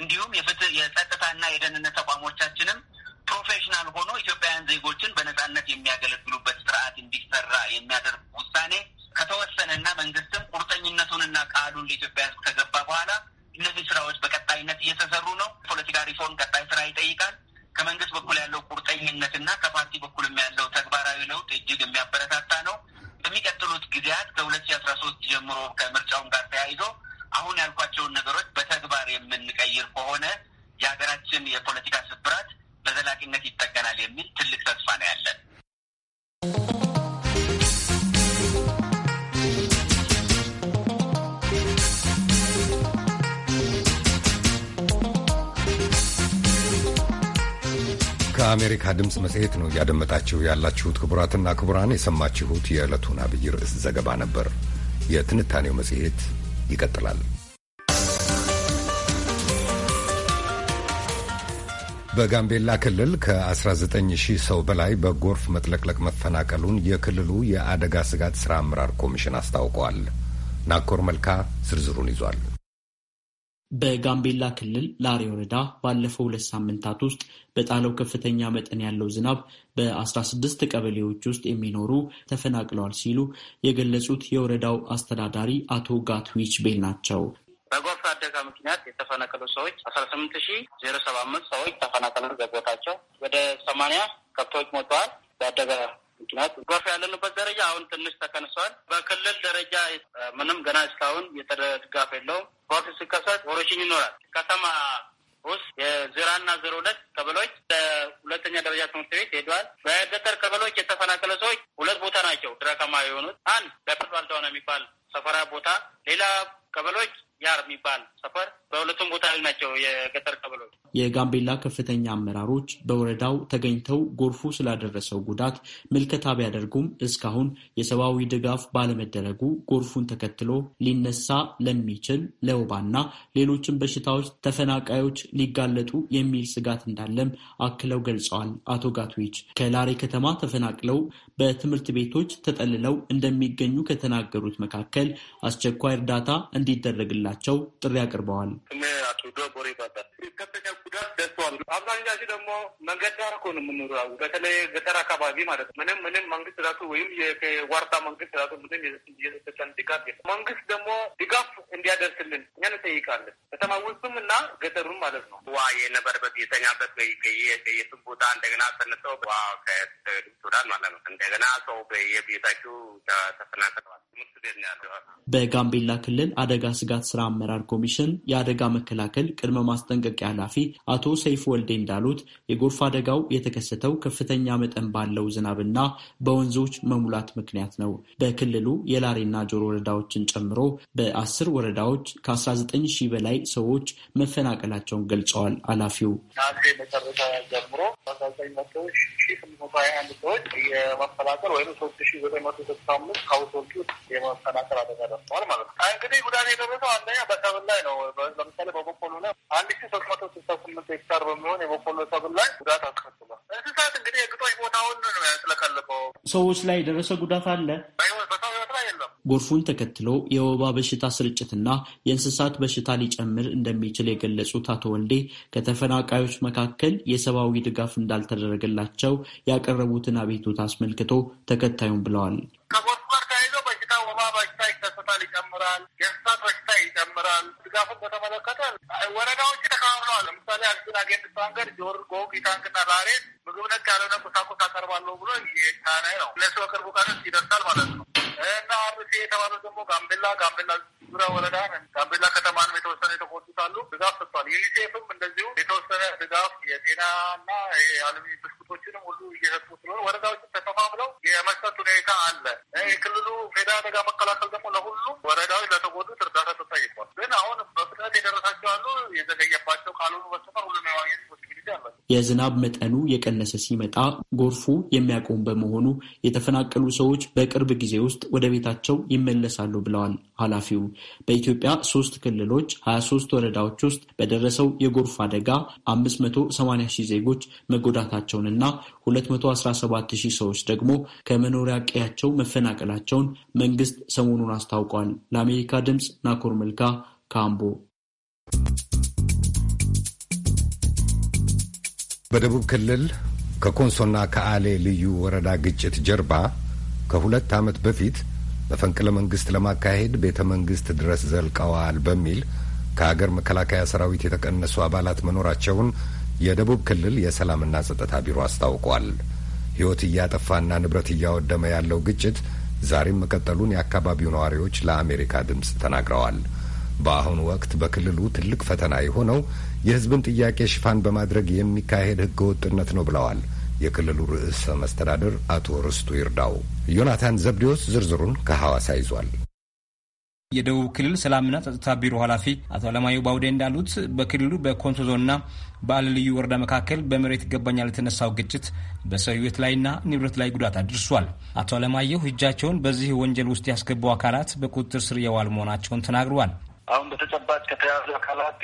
እንዲሁም የፍትህ የጸጥታና የደህንነት ተቋሞቻችንም ፕሮፌሽናል ሆኖ ኢትዮጵያውያን ዜጎችን በነጻነት የሚያገለግሉበት ስርዓት እንዲሰራ የሚያደርግ ውሳኔ ከተወሰነና መንግስትም ቁርጠኝነቱንና ቃሉን ለኢትዮጵያ ህዝብ ከገባ በኋላ እነዚህ ስራዎች በቀጣይነት እየተሰሩ ነው። ፖለቲካ ሪፎርም ቀጣይ ስራ ይጠይቃል። ከመንግስት በኩል ያለው ቁርጠኝነትና ከፓርቲ በኩልም ያለው ተግባራዊ ለውጥ እጅግ የሚያበረታታ ነው። በሚቀጥሉት ጊዜያት ከሁለት ሺ አስራ ሶስት ጀምሮ ከምርጫውም ጋር ተያይዞ አሁን ያልኳቸውን ነገሮች በተግባር የምንቀይር ከሆነ የሀገራችን የፖለቲካ ስብራት በዘላቂነት ይጠገናል የሚል ትልቅ ተስፋ ነው ያለን። ከአሜሪካ ድምፅ መጽሔት ነው እያደመጣችሁ ያላችሁት። ክቡራትና ክቡራን የሰማችሁት የዕለቱን አብይ ርዕስ ዘገባ ነበር። የትንታኔው መጽሔት ይቀጥላል። በጋምቤላ ክልል ከ19 ሺህ ሰው በላይ በጎርፍ መጥለቅለቅ መፈናቀሉን የክልሉ የአደጋ ስጋት ሥራ አመራር ኮሚሽን አስታውቀዋል። ናኮር መልካ ዝርዝሩን ይዟል። በጋምቤላ ክልል ላሬ ወረዳ ባለፈው ሁለት ሳምንታት ውስጥ በጣለው ከፍተኛ መጠን ያለው ዝናብ በ16 ቀበሌዎች ውስጥ የሚኖሩ ተፈናቅለዋል ሲሉ የገለጹት የወረዳው አስተዳዳሪ አቶ ጋትዊች ቤል ናቸው። በጎርፍ አደጋ ምክንያት የተፈናቀሉ ሰዎች አስራ ስምንት ሺ ዜሮ ሰባ አምስት ሰዎች ተፈናቀሉ በቦታቸው ወደ ሰማንያ ከብቶች ሞተዋል በአደጋ ምክንያት። ጎርፍ ያለንበት ደረጃ አሁን ትንሽ ተቀንሷል። በክልል ደረጃ ምንም ገና እስካሁን የተደጋፍ የለውም። ጎርፍ ሲከሰት ወረሽኝ ይኖራል። ከተማ ውስጥ የዜሮና ዜሮ ሁለት ቀበሎች ለሁለተኛ ደረጃ ትምህርት ቤት ሄደዋል። በገጠር ቀበሎች የተፈናቀለ ሰዎች ሁለት ቦታ ናቸው ድረከማ የሆኑት አንድ በፍል ባልደሆነ የሚባል ሰፈራ ቦታ ሌላ ቀበሎች ያር የሚባል ሰፈር በሁለቱም ቦታ ላይ ናቸው የገጠር ቀበሌዎች። የጋምቤላ ከፍተኛ አመራሮች በወረዳው ተገኝተው ጎርፉ ስላደረሰው ጉዳት ምልከታ ቢያደርጉም እስካሁን የሰብአዊ ድጋፍ ባለመደረጉ ጎርፉን ተከትሎ ሊነሳ ለሚችል ለወባና ሌሎችም በሽታዎች ተፈናቃዮች ሊጋለጡ የሚል ስጋት እንዳለም አክለው ገልጸዋል። አቶ ጋትዊች ከላሬ ከተማ ተፈናቅለው በትምህርት ቤቶች ተጠልለው እንደሚገኙ ከተናገሩት መካከል አስቸኳይ እርዳታ እንዲደረግላቸው ጥሪ አቅርበዋል። አብዛኛችን ደግሞ መንገድ ዳር እኮ ነው የምንኖረው። በተለይ ገጠር አካባቢ ማለት ነው። ምንም ምንም መንግስት ራሱ ወይም የዋርታ መንግስት ራሱ ምንም የሰጠን ድጋፍ የለም። መንግስት ደግሞ ድጋፍ እንዲያደርስልን እኛ እንጠይቃለን። ከተማ ውስጡም እና ገጠሩም ማለት ነው። ዋ የነበረበት የተኛበት የሱም ቦታ እንደገና ተነሰው ዋ ከሱዳን ማለት ነው። እንደገና ሰው የቤታችሁ ተፈናቅለዋል። በጋምቤላ ክልል አደጋ ስጋት ስራ አመራር ኮሚሽን የአደጋ መከላከል ቅድመ ማስጠንቀቂያ ኃላፊ አቶ ሰይፎ ወልዴ እንዳሉት የጎርፍ አደጋው የተከሰተው ከፍተኛ መጠን ባለው ዝናብና በወንዞች መሙላት ምክንያት ነው። በክልሉ የላሬና ጆሮ ወረዳዎችን ጨምሮ በአስር ወረዳዎች ከ19 ሺህ በላይ ሰዎች መፈናቀላቸውን ገልጸዋል። ኃላፊው መጨረሻ ጀምሮ ሰዎች የመፈናቀል ወይም ሶስት ሺህ ዘጠኝ መቶ ስልሳ አምስት ከውሶቹ የመፈናቀል አደጋ ደርሰዋል ማለት ነው። እንግዲህ ጉዳት የደረሰው አንደኛ በሰብል ላይ ነው። ለምሳሌ በበቆሎ ላይ አንድ ሺህ ሶስት መቶ ስልሳ ስምንት ሄክታር በሚሆን የበቆሎ ሰብል ላይ ጉዳት አስከትሏል። እንስሳት እንግዲህ የግጦሽ ቦታውን ነው ያስለቀለቀው። ሰዎች ላይ የደረሰ ጉዳት አለ። ጎርፉን ተከትሎ የወባ በሽታ ስርጭትና የእንስሳት በሽታ ሊጨምር እንደሚችል የገለጹት አቶ ወልዴ ከተፈናቃዮች መካከል የሰብአዊ ድጋፍ እንዳልተደረገላቸው ያቀረቡትን አቤቱታ አስመልክቶ ተከታዩም ብለዋል። ይቀንሳል፣ ይጨምራል፣ የእንስሳት በሽታ ይጨምራል። ድጋፉን በተመለከተ ወረዳዎች ተከባብለዋል። ለምሳሌ አዲሱን አጌንድስ ጆር ጎግ ኢታንክና ዛሬ ምግብ ነክ ያልሆነ ቁሳቁስ አቀርባለሁ ብሎ የቻነ ነው። እነሱ በቅርቡ ቀንስ ይደርሳል ማለት ነው እና አርሲ የተባለ ደግሞ ጋምቤላ ጋምቤላ ዙሪያ ወረዳ ጋምቤላ ከተማንም የተወሰነ የተቆጡት አሉ ድጋፍ ሰጥቷል። ዩኒሴፍም እንደዚሁ የተወሰነ ድጋፍ የጤናና የአለም ብስኩቶችንም ሁሉ እየሰጡ ስለሆነ ወረዳዎችን ተከፋፍለው የመስጠት ሁኔታ አለ። የክልሉ ፌዴራል አደጋ መከላከል ደግሞ ለሁሉ ሁሉም ወረዳዊ ለተጎዱት እርዳታ ተጠይቋል። ግን አሁን በፍጥነት የደረሳቸው አሉ፣ የዘገየባቸው ካልሆኑ በስተቀር ሁሉም የማግኘት ፖሲቢሊቲ አላቸው። የዝናብ መጠኑ የቀነሰ ሲመጣ ጎርፉ የሚያቆም በመሆኑ የተፈናቀሉ ሰዎች በቅርብ ጊዜ ውስጥ ወደ ቤታቸው ይመለሳሉ ብለዋል ኃላፊው። በኢትዮጵያ ሶስት ክልሎች ሀያ ሶስት ወረዳዎች ውስጥ በደረሰው የጎርፍ አደጋ አምስት መቶ ሰማንያ ሺህ ዜጎች መጎዳታቸውንና ሁለት መቶ አስራ ሰባት ሺህ ሰዎች ደግሞ ከመኖሪያ ቀያቸው መፈናቀላቸውን መንግስት ሰሞኑን አስታውቋል። አስታውቋል። ለአሜሪካ ድምፅ ናኮር መልካ ካምቦ በደቡብ ክልል ከኮንሶና ከአሌ ልዩ ወረዳ ግጭት ጀርባ ከሁለት ዓመት በፊት መፈንቅለ መንግሥት ለማካሄድ ቤተ መንግሥት ድረስ ዘልቀዋል በሚል ከሀገር መከላከያ ሰራዊት የተቀነሱ አባላት መኖራቸውን የደቡብ ክልል የሰላምና ጸጥታ ቢሮ አስታውቋል። ሕይወት እያጠፋና ንብረት እያወደመ ያለው ግጭት ዛሬም መቀጠሉን የአካባቢው ነዋሪዎች ለአሜሪካ ድምፅ ተናግረዋል። በአሁኑ ወቅት በክልሉ ትልቅ ፈተና የሆነው የህዝብን ጥያቄ ሽፋን በማድረግ የሚካሄድ ህገወጥነት ነው ብለዋል የክልሉ ርዕሰ መስተዳድር አቶ ርስቱ ይርዳው። ዮናታን ዘብዴዎስ ዝርዝሩን ከሐዋሳ ይዟል። የደቡብ ክልል ሰላምና ጸጥታ ቢሮ ኃላፊ አቶ አለማየሁ ባውዴ እንዳሉት በክልሉ በኮንሶ ዞንና በአለ ልዩ ወረዳ መካከል በመሬት ይገባኛል የተነሳው ግጭት በሰው ሕይወት ላይና ንብረት ላይ ጉዳት አድርሷል። አቶ አለማየሁ እጃቸውን በዚህ ወንጀል ውስጥ ያስገቡ አካላት በቁጥጥር ስር የዋሉ መሆናቸውን ተናግረዋል። አሁን በተጨባጭ ከተያዙ አካላት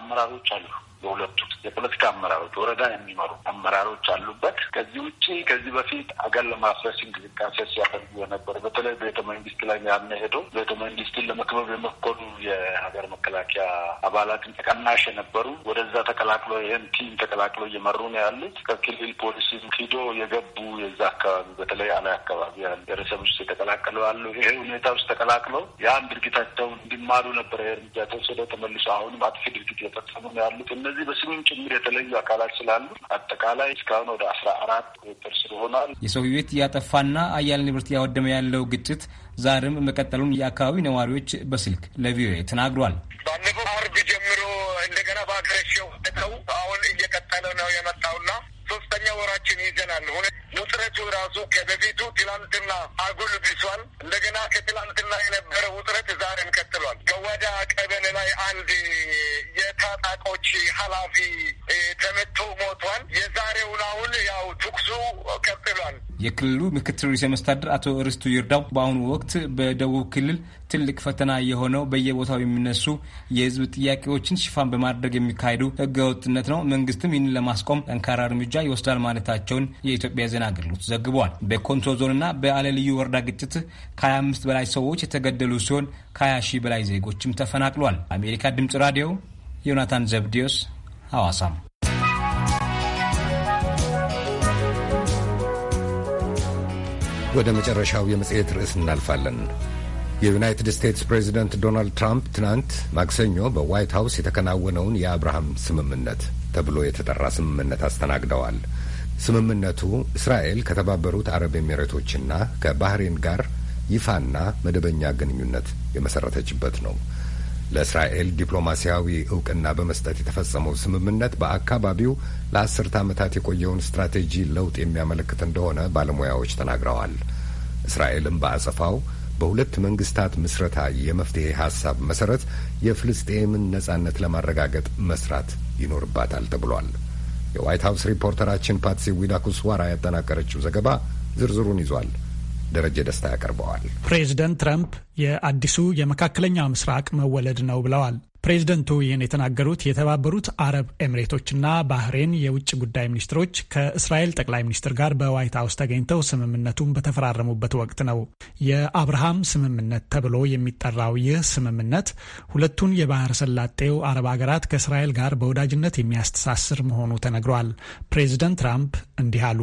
አመራሮች አሉ። የሁለቱ የፖለቲካ አመራሮች ወረዳ የሚመሩ አመራሮች አሉበት። ከዚህ ውጭ ከዚህ በፊት አገር ለማፍረስ እንቅስቃሴ ሲያደርጉ የነበረ በተለይ ቤተ መንግስት ላይ ያነ ሄደው ቤተ መንግስትን ለመክበብ የመኮሉ የሀገር መከላከያ አባላትን ተቀናሽ የነበሩ ወደዛ ተቀላቅሎ ይህን ቲም ተቀላቅሎ እየመሩ ነው ያሉት። ከክልል ፖሊሲ ሂዶ የገቡ የዛ አካባቢ በተለይ አላይ አካባቢ ብሔረሰብ ውስጥ የተቀላቀሉ ያሉ ይሄ ሁኔታ ውስጥ ተቀላቅለው ያን ድርጊታቸውን እንዲማሉ ነበረ እርምጃ ተወሰደ። ተመልሶ አሁንም አጥፊ ድርጊት የፈጸሙ ነው ያሉት። ስለዚህ በስሙም ጭምር የተለዩ አካላት ስላሉ አጠቃላይ እስካሁን ወደ አስራ አራት ቁጥጥር ስር ሆኗል። የሰው ህይወት ያጠፋና አያሌ ንብረት ያወደመ ያለው ግጭት ዛሬም መቀጠሉን የአካባቢ ነዋሪዎች በስልክ ለቪኦኤ ተናግሯል። ባለፈው አርብ ጀምሮ እንደገና በአገረሸው ተው አሁን እየቀጠለ ነው የመጣውና ሶስተኛ ወራችን ይዘናል። ውጥረቱ ራሱ ከበፊቱ ትላንትና አጉል ብሷል። እንደገና ከትላንትና የነበረ ውጥረት ዛሬም ቀጥሏል። ከወዳ ቀበሌ ላይ አንድ የታጣቆች ኃላፊ ተመቶ ሞቷል። የዛሬውን አሁን ያው ትኩሱ ቀጥሏል። የክልሉ ምክትል ርዕሰ መስተዳድር አቶ ርስቱ ይርዳው በአሁኑ ወቅት በደቡብ ክልል ትልቅ ፈተና የሆነው በየቦታው የሚነሱ የህዝብ ጥያቄዎችን ሽፋን በማድረግ የሚካሄዱ ህገወጥነት ነው። መንግስትም ይህንን ለማስቆም ጠንካራ እርምጃ ይወስዳል ማለታቸውን የኢትዮጵያ ዜና አገልግሎት ዘግቧል። በኮንሶ ዞንና በአለ ልዩ ወረዳ ግጭት ከ25 በላይ ሰዎች የተገደሉ ሲሆን ከ20 ሺህ በላይ ዜጎችም ተፈናቅሏል። አሜሪካ ድምፅ ራዲዮ ዮናታን ዘብዲዮስ ሐዋሳም ወደ መጨረሻው የመጽሔት ርዕስ እናልፋለን። የዩናይትድ ስቴትስ ፕሬዚደንት ዶናልድ ትራምፕ ትናንት ማክሰኞ በዋይት ሀውስ የተከናወነውን የአብርሃም ስምምነት ተብሎ የተጠራ ስምምነት አስተናግደዋል። ስምምነቱ እስራኤል ከተባበሩት አረብ ኤሚሬቶችና ከባህሬን ጋር ይፋና መደበኛ ግንኙነት የመሰረተችበት ነው። ለእስራኤል ዲፕሎማሲያዊ እውቅና በመስጠት የተፈጸመው ስምምነት በአካባቢው ለአስርተ ዓመታት የቆየውን ስትራቴጂ ለውጥ የሚያመለክት እንደሆነ ባለሙያዎች ተናግረዋል። እስራኤልም በአጸፋው በሁለት መንግስታት ምስረታ የመፍትሄ ሀሳብ መሰረት የፍልስጤምን ነጻነት ለማረጋገጥ መስራት ይኖርባታል ተብሏል። የዋይት ሀውስ ሪፖርተራችን ፓትሲ ዊዳኩስዋራ ያጠናቀረችው ዘገባ ዝርዝሩን ይዟል። ደረጀ ደስታ ያቀርበዋል። ፕሬዚደንት ትራምፕ የአዲሱ የመካከለኛው ምስራቅ መወለድ ነው ብለዋል። ፕሬዝደንቱ ይህን የተናገሩት የተባበሩት አረብ ኤምሬቶችና ባህሬን የውጭ ጉዳይ ሚኒስትሮች ከእስራኤል ጠቅላይ ሚኒስትር ጋር በዋይት ሀውስ ተገኝተው ስምምነቱን በተፈራረሙበት ወቅት ነው። የአብርሃም ስምምነት ተብሎ የሚጠራው ይህ ስምምነት ሁለቱን የባህር ሰላጤው አረብ ሀገራት ከእስራኤል ጋር በወዳጅነት የሚያስተሳስር መሆኑ ተነግሯል። ፕሬዝደንት ትራምፕ እንዲህ አሉ።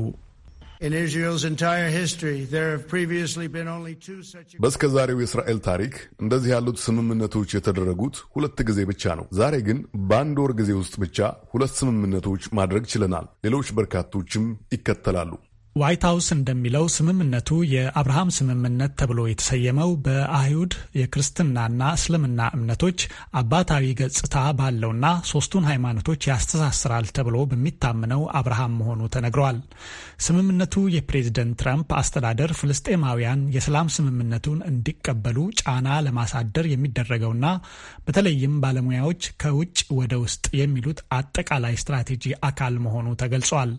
በስከ ዛሬው የእስራኤል ታሪክ እንደዚህ ያሉት ስምምነቶች የተደረጉት ሁለት ጊዜ ብቻ ነው። ዛሬ ግን በአንድ ወር ጊዜ ውስጥ ብቻ ሁለት ስምምነቶች ማድረግ ችለናል። ሌሎች በርካቶችም ይከተላሉ። ዋይት ሀውስ እንደሚለው ስምምነቱ የአብርሃም ስምምነት ተብሎ የተሰየመው በአይሁድ የክርስትናና እስልምና እምነቶች አባታዊ ገጽታ ባለውና ሶስቱን ሃይማኖቶች ያስተሳስራል ተብሎ በሚታምነው አብርሃም መሆኑ ተነግሯል። ስምምነቱ የፕሬዝደንት ትራምፕ አስተዳደር ፍልስጤማውያን የሰላም ስምምነቱን እንዲቀበሉ ጫና ለማሳደር የሚደረገውና በተለይም ባለሙያዎች ከውጭ ወደ ውስጥ የሚሉት አጠቃላይ ስትራቴጂ አካል መሆኑ ተገልጿል።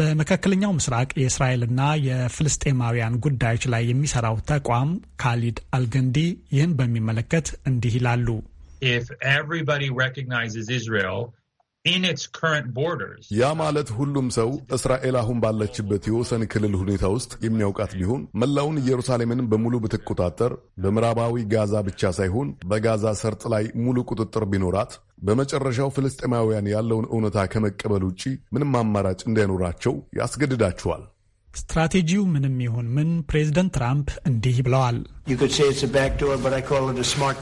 በመካከለኛው ምስራቅ የእስራኤልና የፍልስጤማውያን ጉዳዮች ላይ የሚሰራው ተቋም ካሊድ አልገንዲ ይህን በሚመለከት እንዲህ ይላሉ። ያ ማለት ሁሉም ሰው እስራኤል አሁን ባለችበት የወሰን ክልል ሁኔታ ውስጥ የሚያውቃት ቢሆን መላውን ኢየሩሳሌምን በሙሉ ብትቆጣጠር፣ በምዕራባዊ ጋዛ ብቻ ሳይሆን በጋዛ ሰርጥ ላይ ሙሉ ቁጥጥር ቢኖራት፣ በመጨረሻው ፍልስጤማውያን ያለውን እውነታ ከመቀበል ውጪ ምንም አማራጭ እንዳይኖራቸው ያስገድዳቸዋል። ስትራቴጂው ምንም ይሁን ምን ፕሬዝደንት ትራምፕ እንዲህ ብለዋል።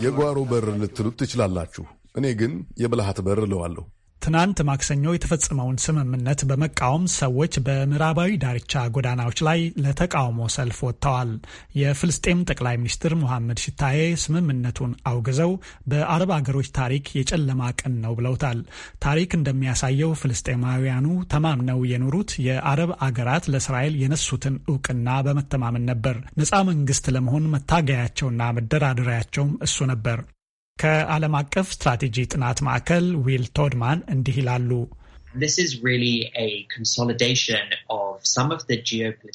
የጓሮ በር ልትሉት ትችላላችሁ፣ እኔ ግን የብልሃት በር እለዋለሁ። ትናንት ማክሰኞ የተፈጸመውን ስምምነት በመቃወም ሰዎች በምዕራባዊ ዳርቻ ጎዳናዎች ላይ ለተቃውሞ ሰልፍ ወጥተዋል። የፍልስጤም ጠቅላይ ሚኒስትር ሙሐመድ ሽታዬ ስምምነቱን አውግዘው በአረብ አገሮች ታሪክ የጨለማ ቀን ነው ብለውታል። ታሪክ እንደሚያሳየው ፍልስጤማውያኑ ተማምነው የኖሩት የአረብ አገራት ለእስራኤል የነሱትን እውቅና በመተማመን ነበር። ነፃ መንግስት ለመሆን መታገያቸውና መደራደሪያቸውም እሱ ነበር። ከዓለም አቀፍ ስትራቴጂ ጥናት ማዕከል ዊል ቶድማን እንዲህ ይላሉ።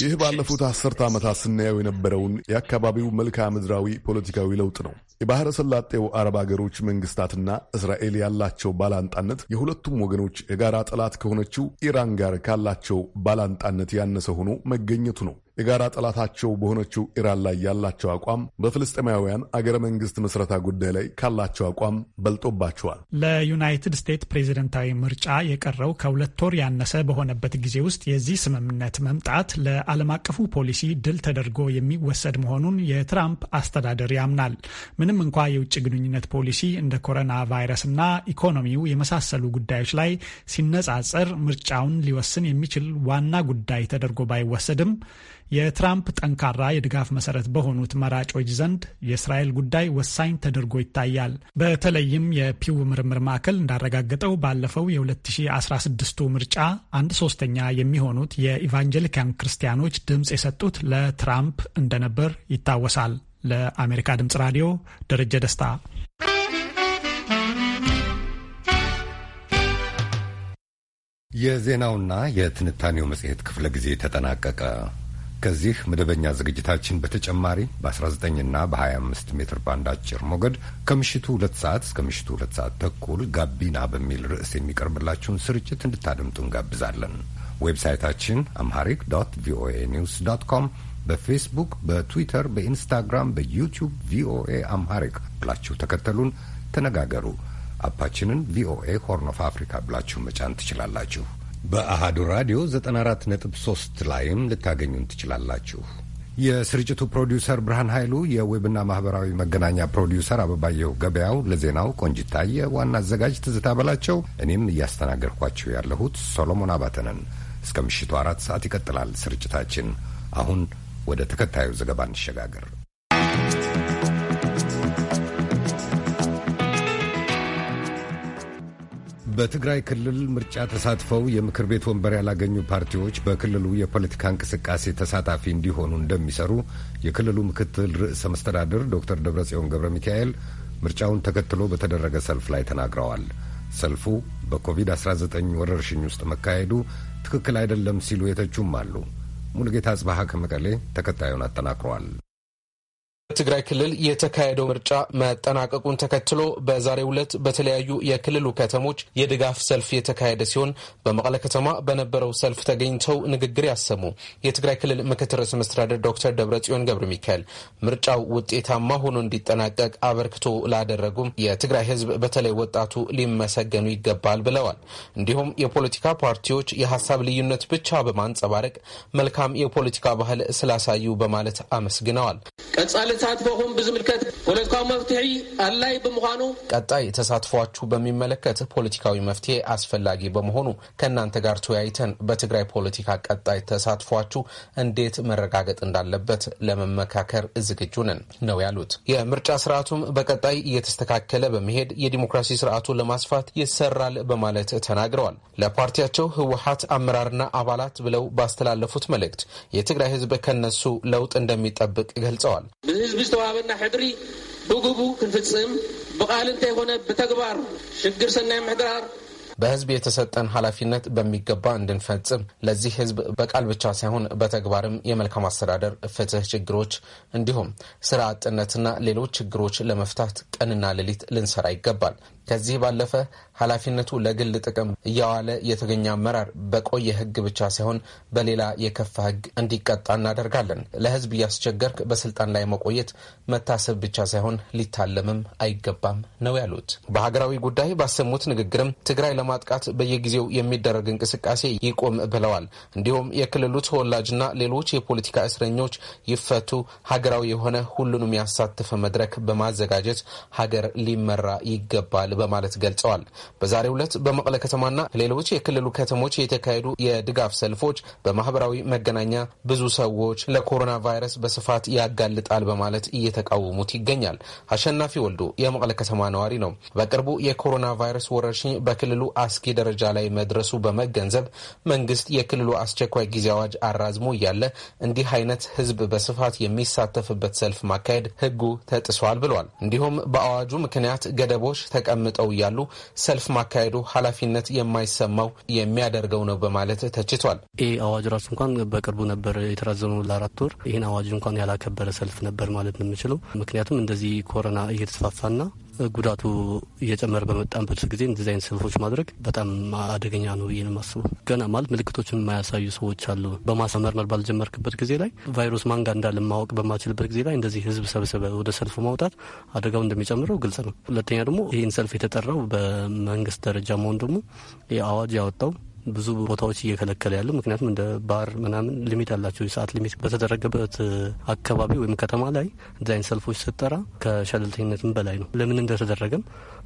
ይህ ባለፉት አስርተ ዓመታት ስናየው የነበረውን የአካባቢው መልክዓ ምድራዊ ፖለቲካዊ ለውጥ ነው። የባህረ ሰላጤው አረብ አገሮች መንግስታትና እስራኤል ያላቸው ባላንጣነት የሁለቱም ወገኖች የጋራ ጠላት ከሆነችው ኢራን ጋር ካላቸው ባላንጣነት ያነሰ ሆኖ መገኘቱ ነው። የጋራ ጠላታቸው በሆነችው ኢራን ላይ ያላቸው አቋም በፍልስጤማውያን አገረ መንግስት ምስረታ ጉዳይ ላይ ካላቸው አቋም በልጦባቸዋል። ለዩናይትድ ስቴትስ ፕሬዝደንታዊ ምርጫ የቀረው ከሁለት ወር ያነሰ በሆነበት ጊዜ ውስጥ የዚህ ስምምነት መምጣት ለዓለም አቀፉ ፖሊሲ ድል ተደርጎ የሚወሰድ መሆኑን የትራምፕ አስተዳደር ያምናል። ምንም እንኳ የውጭ ግንኙነት ፖሊሲ እንደ ኮሮና ቫይረስና ኢኮኖሚው የመሳሰሉ ጉዳዮች ላይ ሲነጻጸር ምርጫውን ሊወስን የሚችል ዋና ጉዳይ ተደርጎ ባይወሰድም የትራምፕ ጠንካራ የድጋፍ መሰረት በሆኑት መራጮች ዘንድ የእስራኤል ጉዳይ ወሳኝ ተደርጎ ይታያል። በተለይም የፒው ምርምር ማዕከል እንዳረጋገጠው ባለፈው የ2016ቱ ምርጫ አንድ ሶስተኛ የሚሆኑት የኢቫንጀሊካን ክርስቲያኖች ድምፅ የሰጡት ለትራምፕ እንደነበር ይታወሳል። ለአሜሪካ ድምፅ ራዲዮ ደረጀ ደስታ። የዜናውና የትንታኔው መጽሔት ክፍለ ጊዜ ተጠናቀቀ። ከዚህ መደበኛ ዝግጅታችን በተጨማሪ በ19 እና በ25 ሜትር ባንድ አጭር ሞገድ ከምሽቱ ሁለት ሰዓት እስከ ምሽቱ ሁለት ሰዓት ተኩል ጋቢና በሚል ርዕስ የሚቀርብላችሁን ስርጭት እንድታደምጡ እንጋብዛለን። ዌብሳይታችን አምሃሪክ ዶት ቪኦኤ ኒውስ ዶት ኮም፣ በፌስቡክ፣ በትዊተር፣ በኢንስታግራም፣ በዩቲዩብ ቪኦኤ አምሃሪክ ብላችሁ ተከተሉን፣ ተነጋገሩ። አፓችንን ቪኦኤ ሆርን ኦፍ አፍሪካ ብላችሁ መጫን ትችላላችሁ። በአሃዱ ራዲዮ 94.3 ላይም ልታገኙን ትችላላችሁ። የስርጭቱ ፕሮዲውሰር ብርሃን ኃይሉ፣ የዌብና ማህበራዊ መገናኛ ፕሮዲውሰር አበባየሁ ገበያው፣ ለዜናው ቆንጅታየ፣ ዋና አዘጋጅ ትዝታ በላቸው፣ እኔም እያስተናገድኳችሁ ያለሁት ሶሎሞን አባተነን። እስከ ምሽቱ አራት ሰዓት ይቀጥላል ስርጭታችን። አሁን ወደ ተከታዩ ዘገባ እንሸጋገር። በትግራይ ክልል ምርጫ ተሳትፈው የምክር ቤት ወንበር ያላገኙ ፓርቲዎች በክልሉ የፖለቲካ እንቅስቃሴ ተሳታፊ እንዲሆኑ እንደሚሰሩ የክልሉ ምክትል ርዕሰ መስተዳድር ዶክተር ደብረጽዮን ገብረ ሚካኤል ምርጫውን ተከትሎ በተደረገ ሰልፍ ላይ ተናግረዋል። ሰልፉ በኮቪድ-19 ወረርሽኝ ውስጥ መካሄዱ ትክክል አይደለም ሲሉ የተቹም አሉ። ሙሉጌታ አጽባሃ ከመቀሌ ተከታዩን አጠናቅረዋል። በትግራይ ክልል የተካሄደው ምርጫ መጠናቀቁን ተከትሎ በዛሬው ዕለት በተለያዩ የክልሉ ከተሞች የድጋፍ ሰልፍ የተካሄደ ሲሆን በመቀለ ከተማ በነበረው ሰልፍ ተገኝተው ንግግር ያሰሙ የትግራይ ክልል ምክትል ርዕሰ መስተዳደር ዶክተር ደብረጽዮን ገብረ ሚካኤል ምርጫው ውጤታማ ሆኖ እንዲጠናቀቅ አበርክቶ ላደረጉም የትግራይ ሕዝብ በተለይ ወጣቱ ሊመሰገኑ ይገባል ብለዋል። እንዲሁም የፖለቲካ ፓርቲዎች የሀሳብ ልዩነት ብቻ በማንጸባረቅ መልካም የፖለቲካ ባህል ስላሳዩ በማለት አመስግነዋል። ተሳትፎኹም ብዝምልከት ፖለቲካዊ መፍትሒ ኣድላይ ብምዃኑ ቀጣይ ተሳትፏችሁ በሚመለከት ፖለቲካዊ መፍትሄ አስፈላጊ በመሆኑ ከእናንተ ጋር ተወያይተን በትግራይ ፖለቲካ ቀጣይ ተሳትፏችሁ እንዴት መረጋገጥ እንዳለበት ለመመካከር ዝግጁ ነን ነው ያሉት። የምርጫ ስርዓቱም በቀጣይ እየተስተካከለ በመሄድ የዲሞክራሲ ስርዓቱ ለማስፋት ይሰራል በማለት ተናግረዋል። ለፓርቲያቸው ህወሀት አመራርና አባላት ብለው ባስተላለፉት መልእክት የትግራይ ህዝብ ከነሱ ለውጥ እንደሚጠብቅ ገልጸዋል። ህዝቢ ዝተዋሃበና ሕድሪ ብግቡ ክንፍፅም እንተ ይኮነ ብተግባር ሽግር ሰናይ ምሕድራር በህዝብ የተሰጠን ኃላፊነት በሚገባ እንድንፈጽም ለዚህ ህዝብ በቃል ብቻ ሳይሆን በተግባርም የመልካም አስተዳደር ፍትህ ችግሮች እንዲሁም ስራ አጥነትና ሌሎች ችግሮች ለመፍታት ቀንና ሌሊት ልንሰራ ይገባል። ከዚህ ባለፈ ኃላፊነቱ ለግል ጥቅም እያዋለ የተገኘ አመራር በቆየ ሕግ ብቻ ሳይሆን በሌላ የከፋ ሕግ እንዲቀጣ እናደርጋለን። ለሕዝብ እያስቸገርክ በስልጣን ላይ መቆየት መታሰብ ብቻ ሳይሆን ሊታለምም አይገባም ነው ያሉት። በሀገራዊ ጉዳይ ባሰሙት ንግግርም ትግራይ ለማጥቃት በየጊዜው የሚደረግ እንቅስቃሴ ይቁም ብለዋል። እንዲሁም የክልሉ ተወላጅና ሌሎች የፖለቲካ እስረኞች ይፈቱ፣ ሀገራዊ የሆነ ሁሉንም ያሳተፈ መድረክ በማዘጋጀት ሀገር ሊመራ ይገባል በማለት ገልጸዋል። በዛሬው ዕለት በመቀለ ከተማና ሌሎች የክልሉ ከተሞች የተካሄዱ የድጋፍ ሰልፎች በማህበራዊ መገናኛ ብዙ ሰዎች ለኮሮና ቫይረስ በስፋት ያጋልጣል በማለት እየተቃወሙት ይገኛል። አሸናፊ ወልዱ የመቀለ ከተማ ነዋሪ ነው። በቅርቡ የኮሮና ቫይረስ ወረርሽኝ በክልሉ አስጊ ደረጃ ላይ መድረሱ በመገንዘብ መንግስት የክልሉ አስቸኳይ ጊዜ አዋጅ አራዝሞ እያለ እንዲህ አይነት ህዝብ በስፋት የሚሳተፍበት ሰልፍ ማካሄድ ህጉ ተጥሷል ብሏል። እንዲሁም በአዋጁ ምክንያት ገደቦች ተቀም ተቀምጠው እያሉ ሰልፍ ማካሄዱ ኃላፊነት የማይሰማው የሚያደርገው ነው በማለት ተችቷል። ይህ አዋጅ ራሱ እንኳን በቅርቡ ነበር የተራዘመው ለአራት ወር። ይህን አዋጅ እንኳን ያላከበረ ሰልፍ ነበር ማለት ነው የምችለው። ምክንያቱም እንደዚህ ኮረና እየተስፋፋና ጉዳቱ እየጨመረ በመጣበት ጊዜ እንደዚህ አይነት ሰልፎች ማድረግ በጣም አደገኛ ነው ብዬ ነው የማስበው። ገና ማለት ምልክቶችን የማያሳዩ ሰዎች አሉ። በማስመርመር ባልጀመርክበት ጊዜ ላይ ቫይረስ ማንጋ እንዳለ ማወቅ በማችልበት ጊዜ ላይ እንደዚህ ህዝብ ሰብስበ ወደ ሰልፉ ማውጣት አደጋው እንደሚጨምረው ግልጽ ነው። ሁለተኛ ደግሞ ይህን ሰልፍ የተጠራው በመንግስት ደረጃ መሆን ደግሞ አዋጅ ያወጣው ብዙ ቦታዎች እየከለከለ ያለ ምክንያቱም እንደ ባር ምናምን ሊሚት አላቸው የሰዓት ሊሚት በተደረገበት አካባቢ ወይም ከተማ ላይ አይነት ሰልፎች ስጠራ ከሸለልተኝነትም በላይ ነው። ለምን እንደተደረገም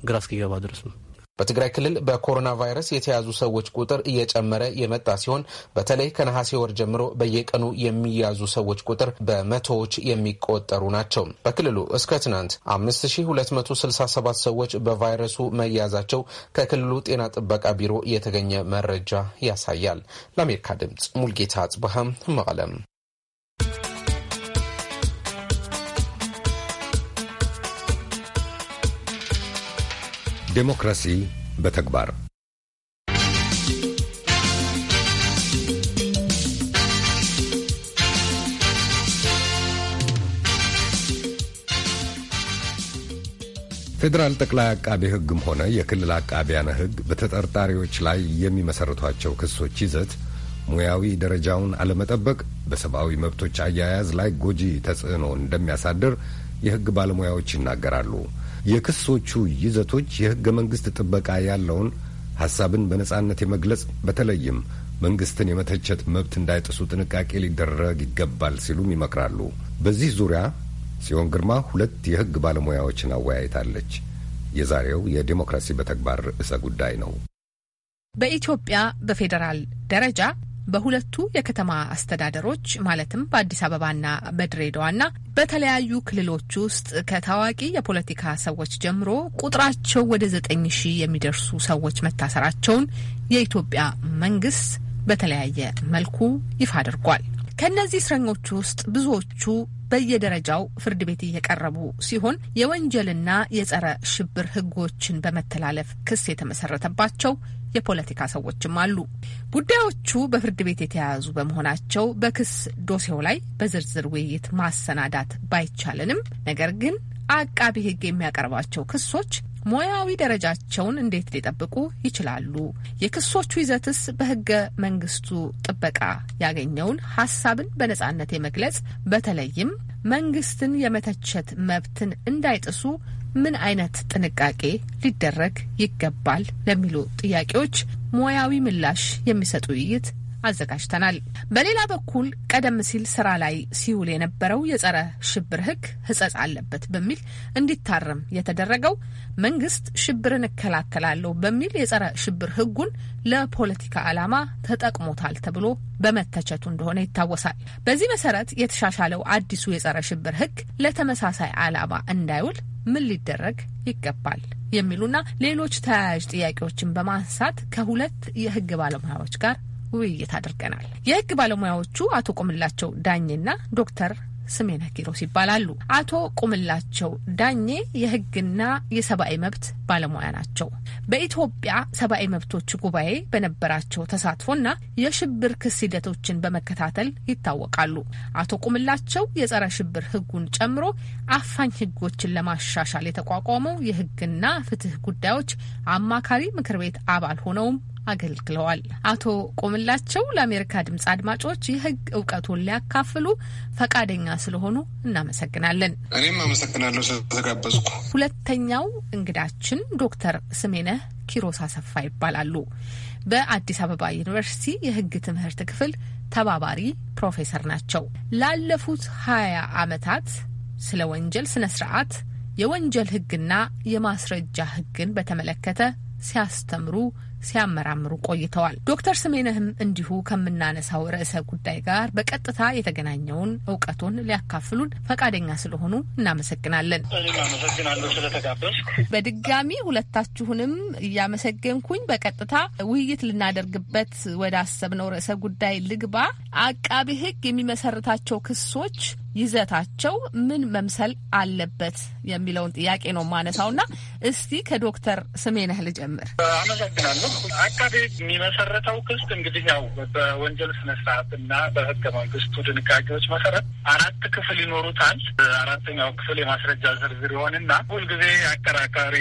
ግራ እስኪገባ ድረስ ነው። በትግራይ ክልል በኮሮና ቫይረስ የተያዙ ሰዎች ቁጥር እየጨመረ የመጣ ሲሆን በተለይ ከነሐሴ ወር ጀምሮ በየቀኑ የሚያዙ ሰዎች ቁጥር በመቶዎች የሚቆጠሩ ናቸው። በክልሉ እስከ ትናንት 5267 ሰዎች በቫይረሱ መያዛቸው ከክልሉ ጤና ጥበቃ ቢሮ የተገኘ መረጃ ያሳያል። ለአሜሪካ ድምጽ ሙልጌታ አጽብሃም መቀለም ዴሞክራሲ በተግባር ፌዴራል ጠቅላይ አቃቤ ሕግም ሆነ የክልል አቃቢያነ ሕግ በተጠርጣሪዎች ላይ የሚመሰርቷቸው ክሶች ይዘት ሙያዊ ደረጃውን አለመጠበቅ በሰብአዊ መብቶች አያያዝ ላይ ጎጂ ተጽዕኖ እንደሚያሳድር የሕግ ባለሙያዎች ይናገራሉ። የክሶቹ ይዘቶች የህገ መንግስት ጥበቃ ያለውን ሐሳብን በነጻነት የመግለጽ በተለይም መንግስትን የመተቸት መብት እንዳይጥሱ ጥንቃቄ ሊደረግ ይገባል ሲሉም ይመክራሉ። በዚህ ዙሪያ ጽዮን ግርማ ሁለት የህግ ባለሙያዎችን አወያይታለች። የዛሬው የዴሞክራሲ በተግባር ርዕሰ ጉዳይ ነው። በኢትዮጵያ በፌዴራል ደረጃ በሁለቱ የከተማ አስተዳደሮች ማለትም በአዲስ አበባና በድሬዳዋና በተለያዩ ክልሎች ውስጥ ከታዋቂ የፖለቲካ ሰዎች ጀምሮ ቁጥራቸው ወደ ዘጠኝ ሺህ የሚደርሱ ሰዎች መታሰራቸውን የኢትዮጵያ መንግስት በተለያየ መልኩ ይፋ አድርጓል። ከእነዚህ እስረኞች ውስጥ ብዙዎቹ በየደረጃው ፍርድ ቤት እየቀረቡ ሲሆን የወንጀልና የጸረ ሽብር ህጎችን በመተላለፍ ክስ የተመሰረተባቸው የፖለቲካ ሰዎችም አሉ። ጉዳዮቹ በፍርድ ቤት የተያያዙ በመሆናቸው በክስ ዶሴው ላይ በዝርዝር ውይይት ማሰናዳት ባይቻልንም ነገር ግን አቃቢ ሕግ የሚያቀርባቸው ክሶች ሙያዊ ደረጃቸውን እንዴት ሊጠብቁ ይችላሉ? የክሶቹ ይዘትስ በህገ መንግስቱ ጥበቃ ያገኘውን ሀሳብን በነጻነት የመግለጽ በተለይም መንግስትን የመተቸት መብትን እንዳይጥሱ ምን አይነት ጥንቃቄ ሊደረግ ይገባል ለሚሉ ጥያቄዎች ሙያዊ ምላሽ የሚሰጥ ውይይት አዘጋጅተናል። በሌላ በኩል ቀደም ሲል ስራ ላይ ሲውል የነበረው የጸረ ሽብር ህግ ህጸጽ አለበት በሚል እንዲታረም የተደረገው መንግስት ሽብርን እከላከላለሁ በሚል የጸረ ሽብር ህጉን ለፖለቲካ ዓላማ ተጠቅሞታል ተብሎ በመተቸቱ እንደሆነ ይታወሳል። በዚህ መሰረት የተሻሻለው አዲሱ የጸረ ሽብር ህግ ለተመሳሳይ ዓላማ እንዳይውል ምን ሊደረግ ይገባል የሚሉና ሌሎች ተያያዥ ጥያቄዎችን በማንሳት ከሁለት የህግ ባለሙያዎች ጋር ውይይት አድርገናል። የህግ ባለሙያዎቹ አቶ ቆምላቸው ዳኝና ዶክተር ስሜነ ኪሮስ ይባላሉ። አቶ ቁምላቸው ዳኜ የህግና የሰብአዊ መብት ባለሙያ ናቸው። በኢትዮጵያ ሰብአዊ መብቶች ጉባኤ በነበራቸው ተሳትፎና የሽብር ክስ ሂደቶችን በመከታተል ይታወቃሉ። አቶ ቁምላቸው የጸረ ሽብር ህጉን ጨምሮ አፋኝ ህጎችን ለማሻሻል የተቋቋመው የህግና ፍትህ ጉዳዮች አማካሪ ምክር ቤት አባል ሆነውም አገልግለዋል። አቶ ቆምላቸው ለአሜሪካ ድምፅ አድማጮች የህግ እውቀቱን ሊያካፍሉ ፈቃደኛ ስለሆኑ እናመሰግናለን። እኔም አመሰግናለሁ ስለተጋበዝኩ። ሁለተኛው እንግዳችን ዶክተር ስሜነህ ኪሮስ አሰፋ ይባላሉ። በአዲስ አበባ ዩኒቨርሲቲ የህግ ትምህርት ክፍል ተባባሪ ፕሮፌሰር ናቸው። ላለፉት ሀያ አመታት ስለ ወንጀል ስነ ስርዓት የወንጀል ህግና የማስረጃ ህግን በተመለከተ ሲያስተምሩ ሲያመራምሩ ቆይተዋል። ዶክተር ስሜነህም እንዲሁ ከምናነሳው ርዕሰ ጉዳይ ጋር በቀጥታ የተገናኘውን እውቀቱን ሊያካፍሉን ፈቃደኛ ስለሆኑ እናመሰግናለን። በድጋሚ ሁለታችሁንም እያመሰገንኩኝ በቀጥታ ውይይት ልናደርግበት ወደ አሰብነው ርዕሰ ጉዳይ ልግባ። አቃቤ ሕግ የሚመሰርታቸው ክሶች ይዘታቸው ምን መምሰል አለበት የሚለውን ጥያቄ ነው ና እስቲ ከዶክተር ስሜነህ ልጀምር። አመሰግናለሁ። አቃቤ የሚመሰረተው ክስት እንግዲህ ያው በወንጀል ስነስርዓትና በህገ መንግስቱ ድንጋጌዎች መሰረት አራት ክፍል ይኖሩታል። አራተኛው ክፍል የማስረጃ ዝርዝር ይሆንና ሁልጊዜ አከራካሪ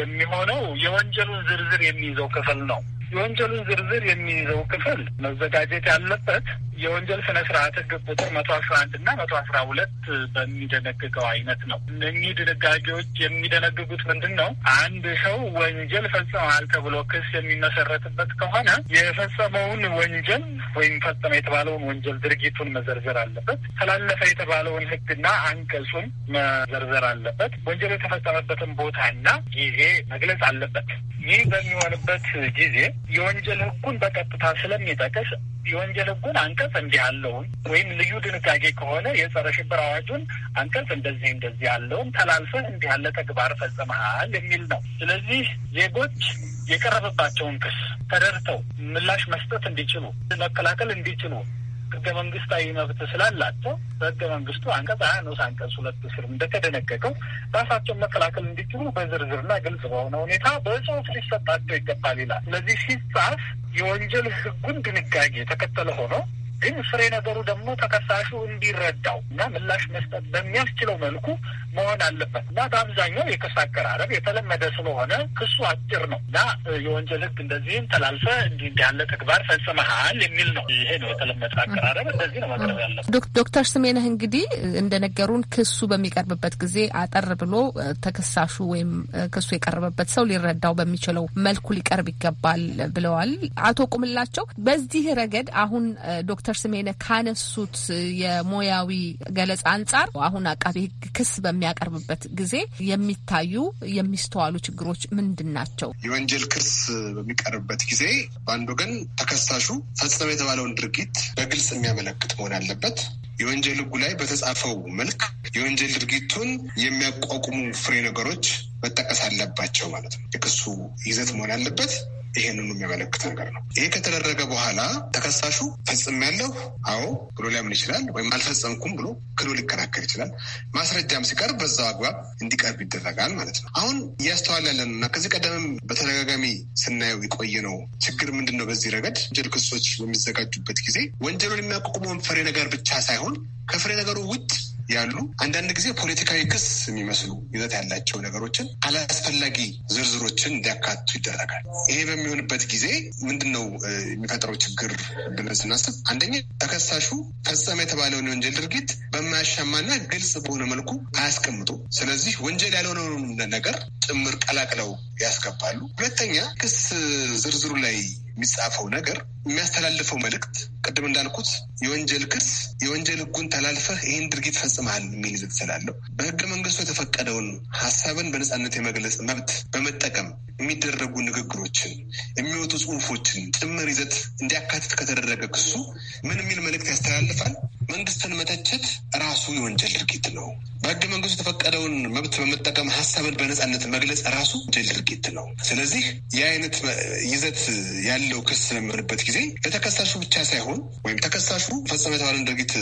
የሚሆነው የወንጀሉን ዝርዝር የሚይዘው ክፍል ነው። የወንጀሉን ዝርዝር የሚይዘው ክፍል መዘጋጀት ያለበት የወንጀል ስነ ስርዓት ህግ ቁጥር መቶ አስራ አንድ እና መቶ አስራ ሁለት በሚደነግገው አይነት ነው። እነኚህ ድንጋጌዎች የሚደነግጉት ምንድን ነው? አንድ ሰው ወንጀል ፈጽመዋል ተብሎ ክስ የሚመሰረትበት ከሆነ የፈጸመውን ወንጀል ወይም ፈጸመ የተባለውን ወንጀል ድርጊቱን መዘርዘር አለበት። ተላለፈ የተባለውን ሕግና አንቀጹን መዘርዘር አለበት። ወንጀል የተፈጸመበትን ቦታና ጊዜ መግለጽ አለበት። ይህ በሚሆንበት ጊዜ የወንጀል ሕጉን በቀጥታ ስለሚጠቅስ የወንጀል ሕጉን አንቀጽ እንዲህ አለውን ወይም ልዩ ድንጋጌ ከሆነ የ ጸረ ሽብር አዋጁን አንቀጽ እንደዚህ እንደዚህ ያለውን ተላልፈህ እንዲህ ያለ ተግባር ፈጽመሃል የሚል ነው። ስለዚህ ዜጎች የቀረበባቸውን ክስ ተደርተው ምላሽ መስጠት እንዲችሉ መከላከል እንዲችሉ ህገ መንግስታዊ መብት ስላላቸው በህገ መንግስቱ አንቀጽ ሀያ ንዑስ አንቀጽ ሁለት ስር እንደተደነገገው ራሳቸውን መከላከል እንዲችሉ በዝርዝርና ግልጽ በሆነ ሁኔታ በጽሁፍ ሊሰጣቸው ይገባል ይላል። ስለዚህ ሲጻፍ የወንጀል ህጉን ድንጋጌ የተከተለ ሆኖ ግን ፍሬ ነገሩ ደግሞ ተከሳሹ እንዲረዳው እና ምላሽ መስጠት በሚያስችለው መልኩ መሆን አለበት እና በአብዛኛው የክስ አቀራረብ የተለመደ ስለሆነ ክሱ አጭር ነው እና የወንጀል ህግ እንደዚህም ተላልፈ እንዲህ እንዲህ ያለ ተግባር ፈጽመሃል የሚል ነው። ይሄ ነው የተለመደ አቀራረብ። እንደዚህ ነው ማቅረብ ያለበት። ዶክተር ስሜነህ እንግዲህ እንደነገሩን ክሱ በሚቀርብበት ጊዜ አጠር ብሎ ተከሳሹ ወይም ክሱ የቀረበበት ሰው ሊረዳው በሚችለው መልኩ ሊቀርብ ይገባል ብለዋል አቶ ቁምላቸው። በዚህ ረገድ አሁን ዶክተር ዶክተር ስሜነ ካነሱት የሙያዊ ገለጻ አንጻር አሁን አቃቤ ሕግ ክስ በሚያቀርብበት ጊዜ የሚታዩ የሚስተዋሉ ችግሮች ምንድን ናቸው? የወንጀል ክስ በሚቀርብበት ጊዜ በአንድ ወገን ተከሳሹ ፈጸመ የተባለውን ድርጊት በግልጽ የሚያመለክት መሆን አለበት። የወንጀል ሕጉ ላይ በተጻፈው መልክ የወንጀል ድርጊቱን የሚያቋቁሙ ፍሬ ነገሮች መጠቀስ አለባቸው ማለት ነው። የክሱ ይዘት መሆን አለበት። ይሄንኑ የሚያመለክት ነገር ነው። ይሄ ከተደረገ በኋላ ተከሳሹ ፈጽም ያለው አዎ ብሎ ሊያምን ይችላል፣ ወይም አልፈጸምኩም ብሎ ክሎ ሊከራከር ይችላል። ማስረጃም ሲቀርብ በዛው አግባብ እንዲቀርብ ይደረጋል ማለት ነው። አሁን እያስተዋል ያለን እና ከዚህ ቀደምም በተደጋጋሚ ስናየው የቆየ ነው። ችግር ምንድን ነው? በዚህ ረገድ ወንጀል ክሶች በሚዘጋጁበት ጊዜ ወንጀሉን የሚያቋቁመውን ፍሬ ነገር ብቻ ሳይሆን ከፍሬ ነገሩ ውጭ ያሉ አንዳንድ ጊዜ ፖለቲካዊ ክስ የሚመስሉ ይዘት ያላቸው ነገሮችን አላስፈላጊ ዝርዝሮችን እንዲያካቱ ይደረጋል። ይሄ በሚሆንበት ጊዜ ምንድን ነው የሚፈጥረው ችግር ብለን ስናስብ አንደኛ ተከሳሹ ፈጸመ የተባለውን የወንጀል ድርጊት በማያሻማና ግልጽ በሆነ መልኩ አያስቀምጡ። ስለዚህ ወንጀል ያልሆነውን ነገር ጭምር ቀላቅለው ያስገባሉ። ሁለተኛ ክስ ዝርዝሩ ላይ የሚጻፈው ነገር የሚያስተላልፈው መልእክት ቅድም እንዳልኩት የወንጀል ክስ የወንጀል ህጉን ተላልፈህ ይህን ድርጊት ፈጽመሃል የሚል ይዘት ስላለው በሕገ መንግስቱ የተፈቀደውን ሀሳብን በነጻነት የመግለጽ መብት በመጠቀም የሚደረጉ ንግግሮችን የሚወጡ ጽሁፎችን ጭምር ይዘት እንዲያካትት ከተደረገ ክሱ ምን የሚል መልእክት ያስተላልፋል? መንግስትን መተቸት ራሱ የወንጀል ድርጊት ነው። በህገ መንግስቱ የተፈቀደውን መብት በመጠቀም ሀሳብን በነጻነት መግለጽ ራሱ ወንጀል ድርጊት ነው። ስለዚህ ይህ አይነት ይዘት ያለው ክስ በሚሆንበት ጊዜ ለተከሳሹ ብቻ ሳይሆን ወይም ተከሳሹ ፈጸመ የተባለን ድርጊት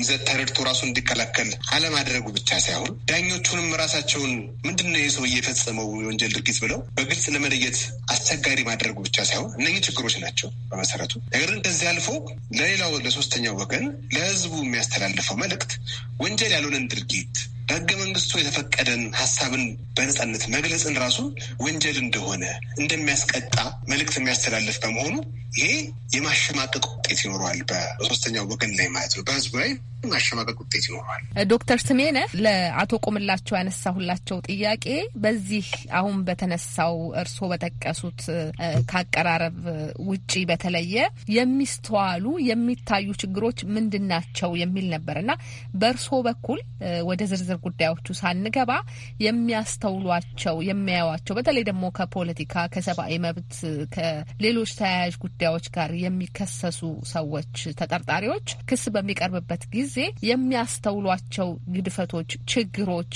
ይዘት ተረድቶ ራሱን እንዲከላከል አለማድረጉ ብቻ ሳይሆን ዳኞቹንም ራሳቸውን ምንድን ነው የሰውዬ እየፈጸመው የወንጀል ድርጊት ብለው በግልጽ ለመለየት አስቸጋሪ ማድረጉ ብቻ ሳይሆን እነኚህ ችግሮች ናቸው በመሰረቱ። ነገር ግን ከዚህ አልፎ ለሌላው ለሶስተኛው ወገን ለህዝብ ለህዝቡ የሚያስተላልፈው መልእክት ወንጀል ያልሆነን ድርጊት በህገ መንግስቱ የተፈቀደን ሀሳብን በነጻነት መግለጽን ራሱ ወንጀል እንደሆነ እንደሚያስቀጣ መልእክት የሚያስተላልፍ በመሆኑ ይሄ የማሸማቀቅ ውጤት ይኖረዋል። በሶስተኛው ወገን ላይ ማለት ነው፣ በህዝቡ ላይ ማሸማቀቅ ውጤት ይኖረዋል። ዶክተር ስሜነ ለአቶ ቆምላቸው ያነሳሁላቸው ጥያቄ በዚህ አሁን በተነሳው እርስዎ በጠቀሱት ከአቀራረብ ውጪ በተለየ የሚስተዋሉ የሚታዩ ችግሮች ምንድን ናቸው የሚል ነበር እና በእርስዎ በኩል ወደ ዝርዝር ዝርዝር ጉዳዮቹ ሳንገባ የሚያስተውሏቸው የሚያዩቸው በተለይ ደግሞ ከፖለቲካ ከሰብአዊ መብት ከሌሎች ተያያዥ ጉዳዮች ጋር የሚከሰሱ ሰዎች ተጠርጣሪዎች ክስ በሚቀርብበት ጊዜ የሚያስተውሏቸው ግድፈቶች፣ ችግሮች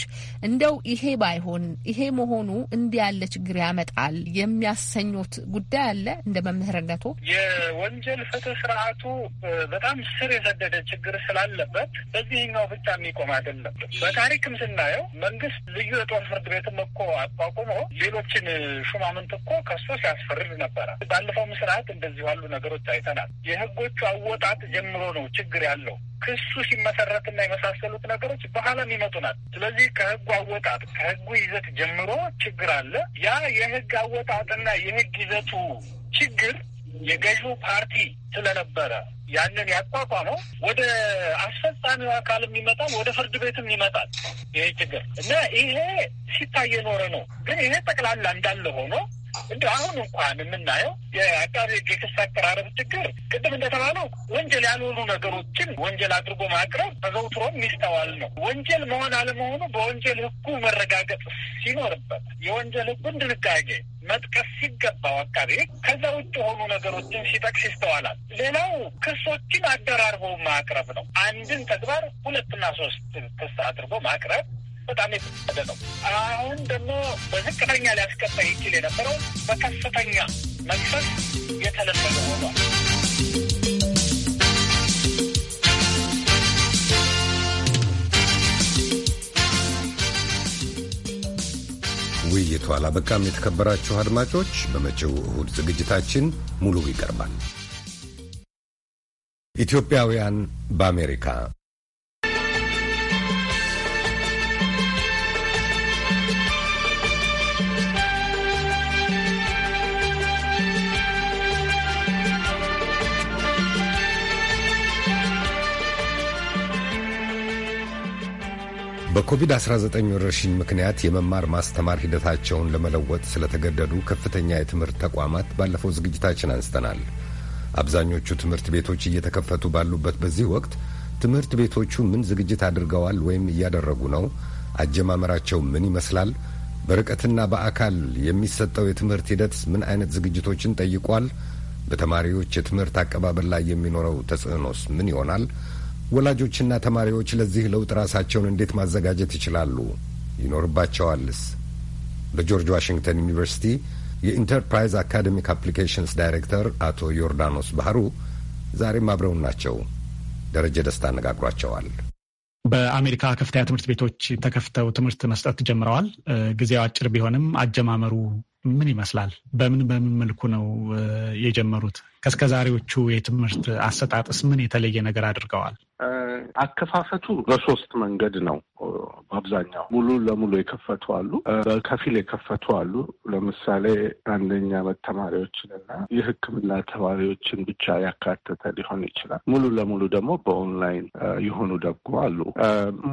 እንደው ይሄ ባይሆን ይሄ መሆኑ እንዲህ ያለ ችግር ያመጣል የሚያሰኙት ጉዳይ አለ። እንደ መምህርነቱ የወንጀል ፍትህ ስርዓቱ በጣም ስር የሰደደ ችግር ስላለበት በዚህኛው ብቻ የሚቆም አይደለም። በታሪክም ስናየው መንግስት ልዩ የጦር ፍርድ ቤትም እኮ አቋቁሞ ሌሎችን ሹማምንት እኮ ከሶ ሲያስፈርድ ነበረ። ባለፈውም ስርዓት እንደዚህ ያሉ ነገሮች አይተናል። የህጎቹ አወጣጥ ጀምሮ ነው ችግር ያለው። ክሱ ሲመሰረትና የመሳሰሉት ነገሮች በኋላም ይመጡናል። ስለዚህ ከህጉ አወጣጥ ከህጉ ይዘት ጀምሮ ችግር አለ። ያ የህግ አወጣጥና የህግ ይዘቱ ችግር የገዢው ፓርቲ ስለነበረ ያንን ያቋቋመው ወደ አስፈጻሚው አካልም ይመጣል፣ ወደ ፍርድ ቤትም ይመጣል። ይሄ ችግር እና ይሄ ሲታይ የኖረ ነው። ግን ይሄ ጠቅላላ እንዳለ ሆኖ እንደ አሁን እንኳን የምናየው የአቃቤ ሕግ የክስ አቀራረብ ችግር ቅድም እንደተባለው ወንጀል ያልሆኑ ነገሮችን ወንጀል አድርጎ ማቅረብ ተዘውትሮም ሚስተዋል ነው። ወንጀል መሆን አለመሆኑ በወንጀል ሕጉ መረጋገጥ ሲኖርበት የወንጀል ሕጉን ድንጋጌ መጥቀስ ሲገባው አቃቤ ከዛ ውጭ የሆኑ ነገሮችን ሲጠቅስ ይስተዋላል። ሌላው ክሶችን አደራርቦ ማቅረብ ነው። አንድን ተግባር ሁለትና ሶስት ክስ አድርጎ ማቅረብ በጣም የተወሰደ ነው። አሁን ደግሞ በዝቅተኛ ሊያስቀጣ ይችል የነበረው በከፍተኛ መክፈት የተለመደ ሆኗል። ውይይቱ አላበቃም። የተከበራችሁ አድማጮች፣ በመጪው እሁድ ዝግጅታችን ሙሉ ይቀርባል። ኢትዮጵያውያን በአሜሪካ በኮቪድ-19 ወረርሽኝ ምክንያት የመማር ማስተማር ሂደታቸውን ለመለወጥ ስለተገደዱ ከፍተኛ የትምህርት ተቋማት ባለፈው ዝግጅታችን አንስተናል። አብዛኞቹ ትምህርት ቤቶች እየተከፈቱ ባሉበት በዚህ ወቅት ትምህርት ቤቶቹ ምን ዝግጅት አድርገዋል ወይም እያደረጉ ነው? አጀማመራቸው ምን ይመስላል? በርቀትና በአካል የሚሰጠው የትምህርት ሂደት ምን አይነት ዝግጅቶችን ጠይቋል? በተማሪዎች የትምህርት አቀባበል ላይ የሚኖረው ተጽዕኖስ ምን ይሆናል? ወላጆችና ተማሪዎች ለዚህ ለውጥ ራሳቸውን እንዴት ማዘጋጀት ይችላሉ? ይኖርባቸዋልስ? በጆርጅ ዋሽንግተን ዩኒቨርሲቲ የኢንተርፕራይዝ አካዴሚክ አፕሊኬሽንስ ዳይሬክተር አቶ ዮርዳኖስ ባህሩ ዛሬም አብረውን ናቸው። ደረጀ ደስታ አነጋግሯቸዋል። በአሜሪካ ከፍተኛ ትምህርት ቤቶች ተከፍተው ትምህርት መስጠት ጀምረዋል። ጊዜው አጭር ቢሆንም አጀማመሩ ምን ይመስላል? በምን በምን መልኩ ነው የጀመሩት? ከእስከ ዛሬዎቹ የትምህርት አሰጣጥስ ምን የተለየ ነገር አድርገዋል? አከፋፈቱ በሶስት መንገድ ነው። በአብዛኛው ሙሉ ለሙሉ የከፈቱ አሉ፣ በከፊል የከፈቱ አሉ። ለምሳሌ አንደኛ ዓመት ተማሪዎችንና የሕክምና ተማሪዎችን ብቻ ያካተተ ሊሆን ይችላል። ሙሉ ለሙሉ ደግሞ በኦንላይን የሆኑ ደግሞ አሉ።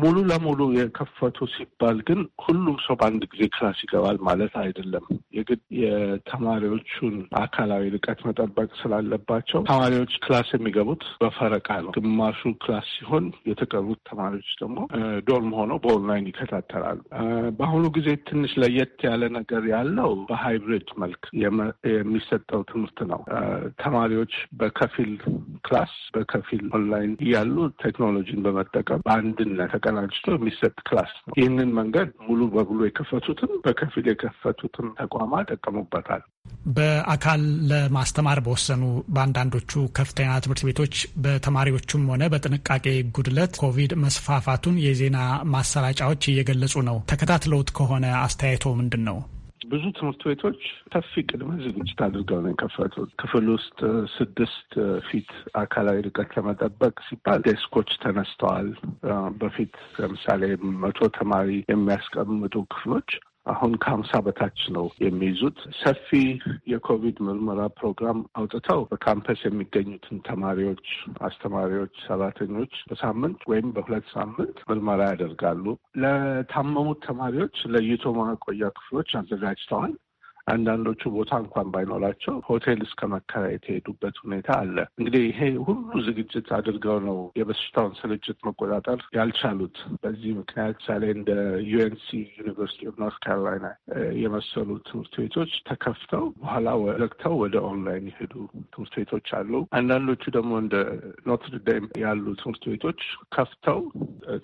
ሙሉ ለሙሉ የከፈቱ ሲባል ግን ሁሉም ሰው በአንድ ጊዜ ክላስ ይገባል ማለት አይደለም። የግድ የተማሪዎቹን አካላዊ ርቀት መጠበቅ ስላለባቸው ተማሪዎች ክላስ የሚገቡት በፈረቃ ነው። ግማሹ ክላስ ሲሆን የተቀሩት ተማሪዎች ደግሞ ዶርም ሆነው በኦንላይን ይከታተላሉ። በአሁኑ ጊዜ ትንሽ ለየት ያለ ነገር ያለው በሃይብሪድ መልክ የሚሰጠው ትምህርት ነው። ተማሪዎች በከፊል ክላስ በከፊል ኦንላይን እያሉ ቴክኖሎጂን በመጠቀም በአንድነት ተቀናጅቶ የሚሰጥ ክላስ ነው። ይህንን መንገድ ሙሉ በሙሉ የከፈቱትም በከፊል የከፈቱትም ተቋማት ጠቀሙበታል። በአካል ለማስተማር በወሰኑ በአንዳንዶቹ ከፍተኛ ትምህርት ቤቶች በተማሪዎቹም ሆነ በጥንቃቄ ጉድለት ኮቪድ መስፋፋቱን የዜና ማሰራጫዎች እየገለጹ ነው። ተከታትለውት ከሆነ አስተያየቶ ምንድን ነው? ብዙ ትምህርት ቤቶች ሰፊ ቅድመ ዝግጅት አድርገው ነው የከፈቱት። ክፍል ውስጥ ስድስት ፊት አካላዊ ርቀት ለመጠበቅ ሲባል ዴስኮች ተነስተዋል። በፊት ለምሳሌ መቶ ተማሪ የሚያስቀምጡ ክፍሎች አሁን ከሀምሳ በታች ነው የሚይዙት። ሰፊ የኮቪድ ምርመራ ፕሮግራም አውጥተው በካምፐስ የሚገኙትን ተማሪዎች፣ አስተማሪዎች፣ ሰራተኞች በሳምንት ወይም በሁለት ሳምንት ምርመራ ያደርጋሉ። ለታመሙት ተማሪዎች ለይቶ ማቆያ ክፍሎች አዘጋጅተዋል። አንዳንዶቹ ቦታ እንኳን ባይኖራቸው ሆቴል እስከ መከራየት የሄዱበት ሁኔታ አለ። እንግዲህ ይሄ ሁሉ ዝግጅት አድርገው ነው የበሽታውን ስርጭት መቆጣጠር ያልቻሉት። በዚህ ምክንያት ምሳሌ እንደ ዩኤንሲ ዩኒቨርሲቲ ኦፍ ኖርት ካሮላይና የመሰሉ ትምህርት ቤቶች ተከፍተው በኋላ ዘግተው ወደ ኦንላይን የሄዱ ትምህርት ቤቶች አሉ። አንዳንዶቹ ደግሞ እንደ ኖትርዳም ያሉ ትምህርት ቤቶች ከፍተው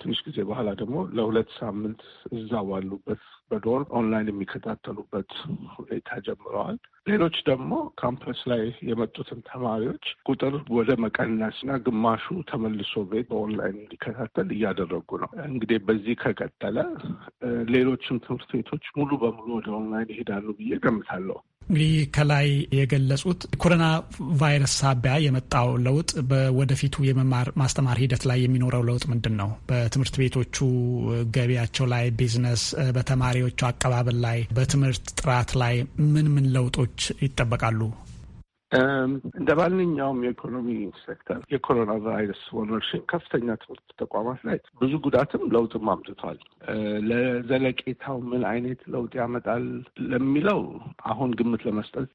ትንሽ ጊዜ በኋላ ደግሞ ለሁለት ሳምንት እዛ ባሉበት በዶር ኦንላይን የሚከታተሉበት ሁኔታ ጀምረዋል። ሌሎች ደግሞ ካምፐስ ላይ የመጡትን ተማሪዎች ቁጥር ወደ መቀነስና ግማሹ ተመልሶ ቤት በኦንላይን እንዲከታተል እያደረጉ ነው። እንግዲህ በዚህ ከቀጠለ ሌሎችም ትምህርት ቤቶች ሙሉ በሙሉ ወደ ኦንላይን ይሄዳሉ ብዬ ገምታለሁ። እንግዲህ ከላይ የገለጹት ኮሮና ቫይረስ ሳቢያ የመጣው ለውጥ ወደፊቱ የመማር ማስተማር ሂደት ላይ የሚኖረው ለውጥ ምንድን ነው? በትምህርት ቤቶቹ ገቢያቸው ላይ፣ ቢዝነስ፣ በተማሪዎቹ አቀባበል ላይ፣ በትምህርት ጥራት ላይ ምን ምን ለውጦች ይጠበቃሉ? እንደ ማንኛውም የኢኮኖሚ ሴክተር የኮሮና ቫይረስ ወረርሽኝ ከፍተኛ ትምህርት ተቋማት ላይ ብዙ ጉዳትም ለውጥም አምጥቷል። ለዘለቄታው ምን አይነት ለውጥ ያመጣል ለሚለው አሁን ግምት ለመስጠት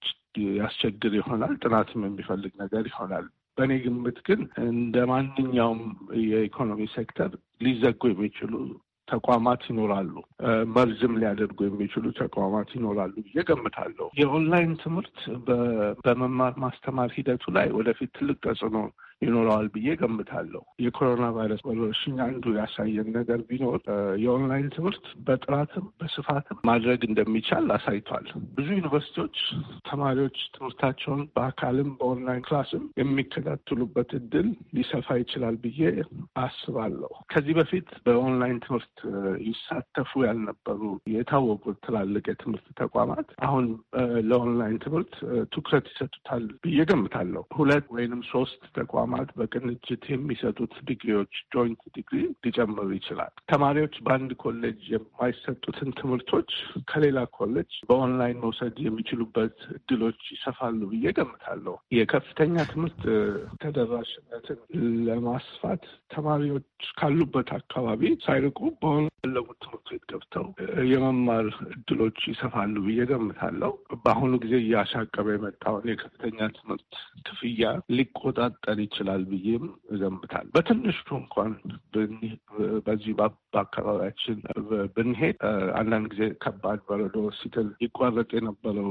ያስቸግር ይሆናል። ጥናትም የሚፈልግ ነገር ይሆናል። በእኔ ግምት ግን እንደ ማንኛውም የኢኮኖሚ ሴክተር ሊዘጉ የሚችሉ ተቋማት ይኖራሉ፣ መርዝም ሊያደርጉ የሚችሉ ተቋማት ይኖራሉ ብዬ ገምታለሁ። የኦንላይን ትምህርት በመማር ማስተማር ሂደቱ ላይ ወደፊት ትልቅ ተጽዕኖ ይኖረዋል ብዬ ገምታለሁ። የኮሮና ቫይረስ ወረርሽኝ አንዱ ያሳየን ነገር ቢኖር የኦንላይን ትምህርት በጥራትም በስፋትም ማድረግ እንደሚቻል አሳይቷል። ብዙ ዩኒቨርሲቲዎች ተማሪዎች ትምህርታቸውን በአካልም በኦንላይን ክላስም የሚከታተሉበት እድል ሊሰፋ ይችላል ብዬ አስባለሁ። ከዚህ በፊት በኦንላይን ትምህርት ይሳተፉ ያልነበሩ የታወቁ ትላልቅ የትምህርት ተቋማት አሁን ለኦንላይን ትምህርት ትኩረት ይሰጡታል ብዬ ገምታለሁ። ሁለት ወይንም ሶስት ተቋማት ተቋማት በቅንጅት የሚሰጡት ዲግሪዎች ጆይንት ዲግሪ ሊጨምር ይችላል። ተማሪዎች በአንድ ኮሌጅ የማይሰጡትን ትምህርቶች ከሌላ ኮሌጅ በኦንላይን መውሰድ የሚችሉበት እድሎች ይሰፋሉ ብዬ ገምታለሁ። የከፍተኛ ትምህርት ተደራሽነትን ለማስፋት ተማሪዎች ካሉበት አካባቢ ሳይርቁ በሆኑ ትምህርት ቤት ገብተው የመማር እድሎች ይሰፋሉ ብዬ ገምታለሁ። በአሁኑ ጊዜ እያሻቀበ የመጣውን የከፍተኛ ትምህርት ክፍያ ሊቆጣጠር ይችላል ይችላል ብዬም እገምታል። በትንሹ እንኳን በዚህ በአካባቢያችን ብንሄድ አንዳንድ ጊዜ ከባድ በረዶ ሲትል ይቋረጥ የነበረው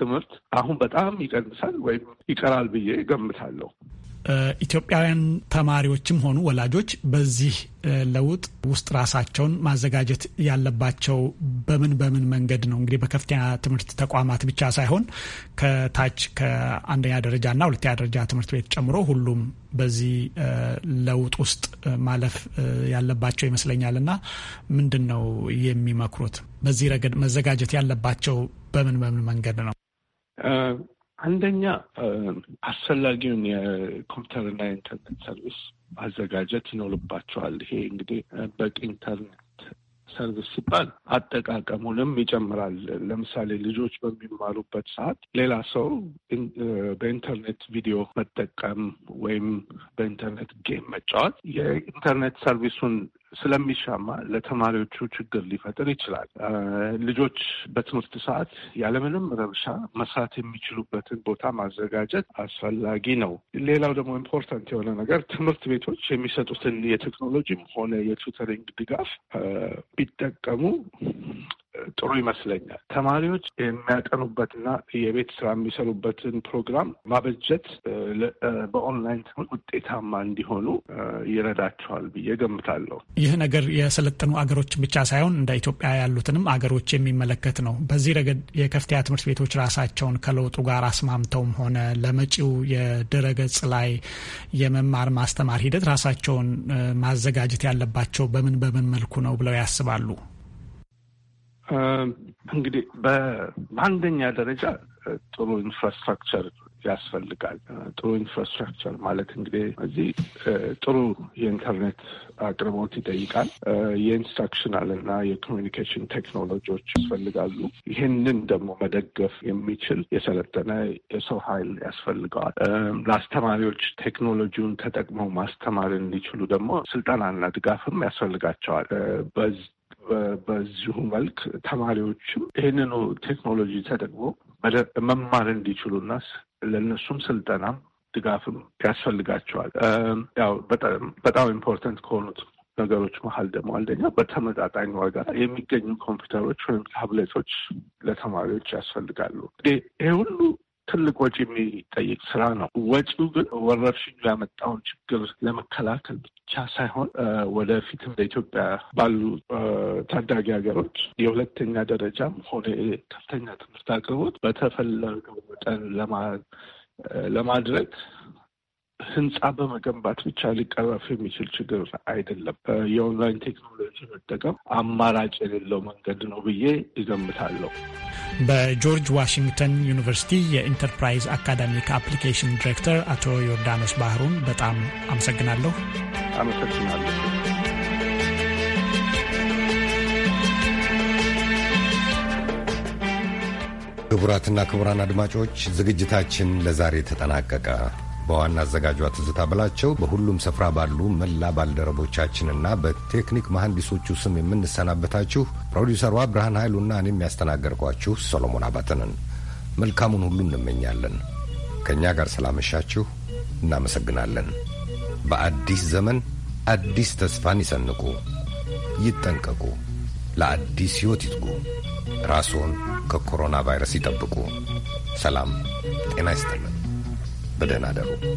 ትምህርት አሁን በጣም ይቀንሳል ወይም ይቀራል ብዬ እገምታለሁ። ኢትዮጵያውያን ተማሪዎችም ሆኑ ወላጆች በዚህ ለውጥ ውስጥ ራሳቸውን ማዘጋጀት ያለባቸው በምን በምን መንገድ ነው? እንግዲህ በከፍተኛ ትምህርት ተቋማት ብቻ ሳይሆን ከታች ከአንደኛ ደረጃና ሁለተኛ ደረጃ ትምህርት ቤት ጨምሮ ሁሉም በዚህ ለውጥ ውስጥ ማለፍ ያለባቸው ይመስለኛል። እና ምንድን ነው የሚመክሩት? በዚህ ረገድ መዘጋጀት ያለባቸው በምን በምን መንገድ ነው? አንደኛ አስፈላጊውን የኮምፒውተርና የኢንተርኔት ሰርቪስ ማዘጋጀት ይኖርባቸዋል። ይሄ እንግዲህ በቂ ኢንተርኔት ሰርቪስ ሲባል አጠቃቀሙንም ይጨምራል። ለምሳሌ ልጆች በሚማሩበት ሰዓት ሌላ ሰው በኢንተርኔት ቪዲዮ መጠቀም ወይም በኢንተርኔት ጌም መጫወት የኢንተርኔት ሰርቪሱን ስለሚሻማ ለተማሪዎቹ ችግር ሊፈጥር ይችላል። ልጆች በትምህርት ሰዓት ያለምንም ረብሻ መስራት የሚችሉበትን ቦታ ማዘጋጀት አስፈላጊ ነው። ሌላው ደግሞ ኢምፖርታንት የሆነ ነገር ትምህርት ቤቶች የሚሰጡትን የቴክኖሎጂም ሆነ የቱተሪንግ ድጋፍ ቢጠቀሙ ጥሩ ይመስለኛል። ተማሪዎች የሚያጠኑበትና የቤት ስራ የሚሰሩበትን ፕሮግራም ማበጀት በኦንላይን ትምህርት ውጤታማ እንዲሆኑ ይረዳቸዋል ብዬ ገምታለሁ። ይህ ነገር የሰለጠኑ አገሮች ብቻ ሳይሆን እንደ ኢትዮጵያ ያሉትንም አገሮች የሚመለከት ነው። በዚህ ረገድ የከፍተኛ ትምህርት ቤቶች ራሳቸውን ከለውጡ ጋር አስማምተውም ሆነ ለመጪው የድረገጽ ላይ የመማር ማስተማር ሂደት ራሳቸውን ማዘጋጀት ያለባቸው በምን በምን መልኩ ነው ብለው ያስባሉ? እንግዲህ በአንደኛ ደረጃ ጥሩ ኢንፍራስትራክቸር ያስፈልጋል። ጥሩ ኢንፍራስትራክቸር ማለት እንግዲህ እዚህ ጥሩ የኢንተርኔት አቅርቦት ይጠይቃል። የኢንስትራክሽናል እና የኮሚኒኬሽን ቴክኖሎጂዎች ያስፈልጋሉ። ይህንን ደግሞ መደገፍ የሚችል የሰለጠነ የሰው ኃይል ያስፈልገዋል። ለአስተማሪዎች ቴክኖሎጂውን ተጠቅመው ማስተማር እንዲችሉ ደግሞ ስልጠናና ድጋፍም ያስፈልጋቸዋል። በዚሁ መልክ ተማሪዎችም ይህንኑ ቴክኖሎጂ ተጠቅሞ መማር እንዲችሉና ለእነሱም ስልጠናም ድጋፍም ያስፈልጋቸዋል። ያው በጣም ኢምፖርተንት ከሆኑት ነገሮች መሀል ደግሞ አንደኛ በተመጣጣኝ ዋጋ የሚገኙ ኮምፒውተሮች ወይም ታብሌቶች ለተማሪዎች ያስፈልጋሉ። ይሄ ሁሉ ትልቅ ወጪ የሚጠይቅ ስራ ነው። ወጪው ግን ወረርሽኙ ያመጣውን ችግር ለመከላከል ብቻ ሳይሆን ወደፊትም በኢትዮጵያ ባሉ ታዳጊ ሀገሮች የሁለተኛ ደረጃም ሆነ ከፍተኛ ትምህርት አቅርቦት በተፈለገው መጠን ለማድረግ ህንፃ በመገንባት ብቻ ሊቀረፍ የሚችል ችግር አይደለም። የኦንላይን ቴክኖሎጂ መጠቀም አማራጭ የሌለው መንገድ ነው ብዬ ይገምታለሁ። በጆርጅ ዋሽንግተን ዩኒቨርሲቲ የኢንተርፕራይዝ አካዳሚክ አፕሊኬሽን ዲሬክተር አቶ ዮርዳኖስ ባህሩን በጣም አመሰግናለሁ። አመሰግናለሁ። ክቡራትና ክቡራን አድማጮች ዝግጅታችን ለዛሬ ተጠናቀቀ። በዋና አዘጋጇ ትዝታ ብላቸው በሁሉም ስፍራ ባሉ መላ ባልደረቦቻችንና በቴክኒክ መሐንዲሶቹ ስም የምንሰናበታችሁ ፕሮዲውሰሯ ብርሃን ኃይሉና እኔ ያስተናገርኳችሁ ሰሎሞን አባተንን መልካሙን ሁሉ እንመኛለን። ከእኛ ጋር ስላመሻችሁ እናመሰግናለን። በአዲስ ዘመን አዲስ ተስፋን ይሰንቁ፣ ይጠንቀቁ፣ ለአዲስ ሕይወት ይትጉ፣ ራስዎን ከኮሮና ቫይረስ ይጠብቁ። ሰላም ጤና ይስጥልን። በደህና አደሩ።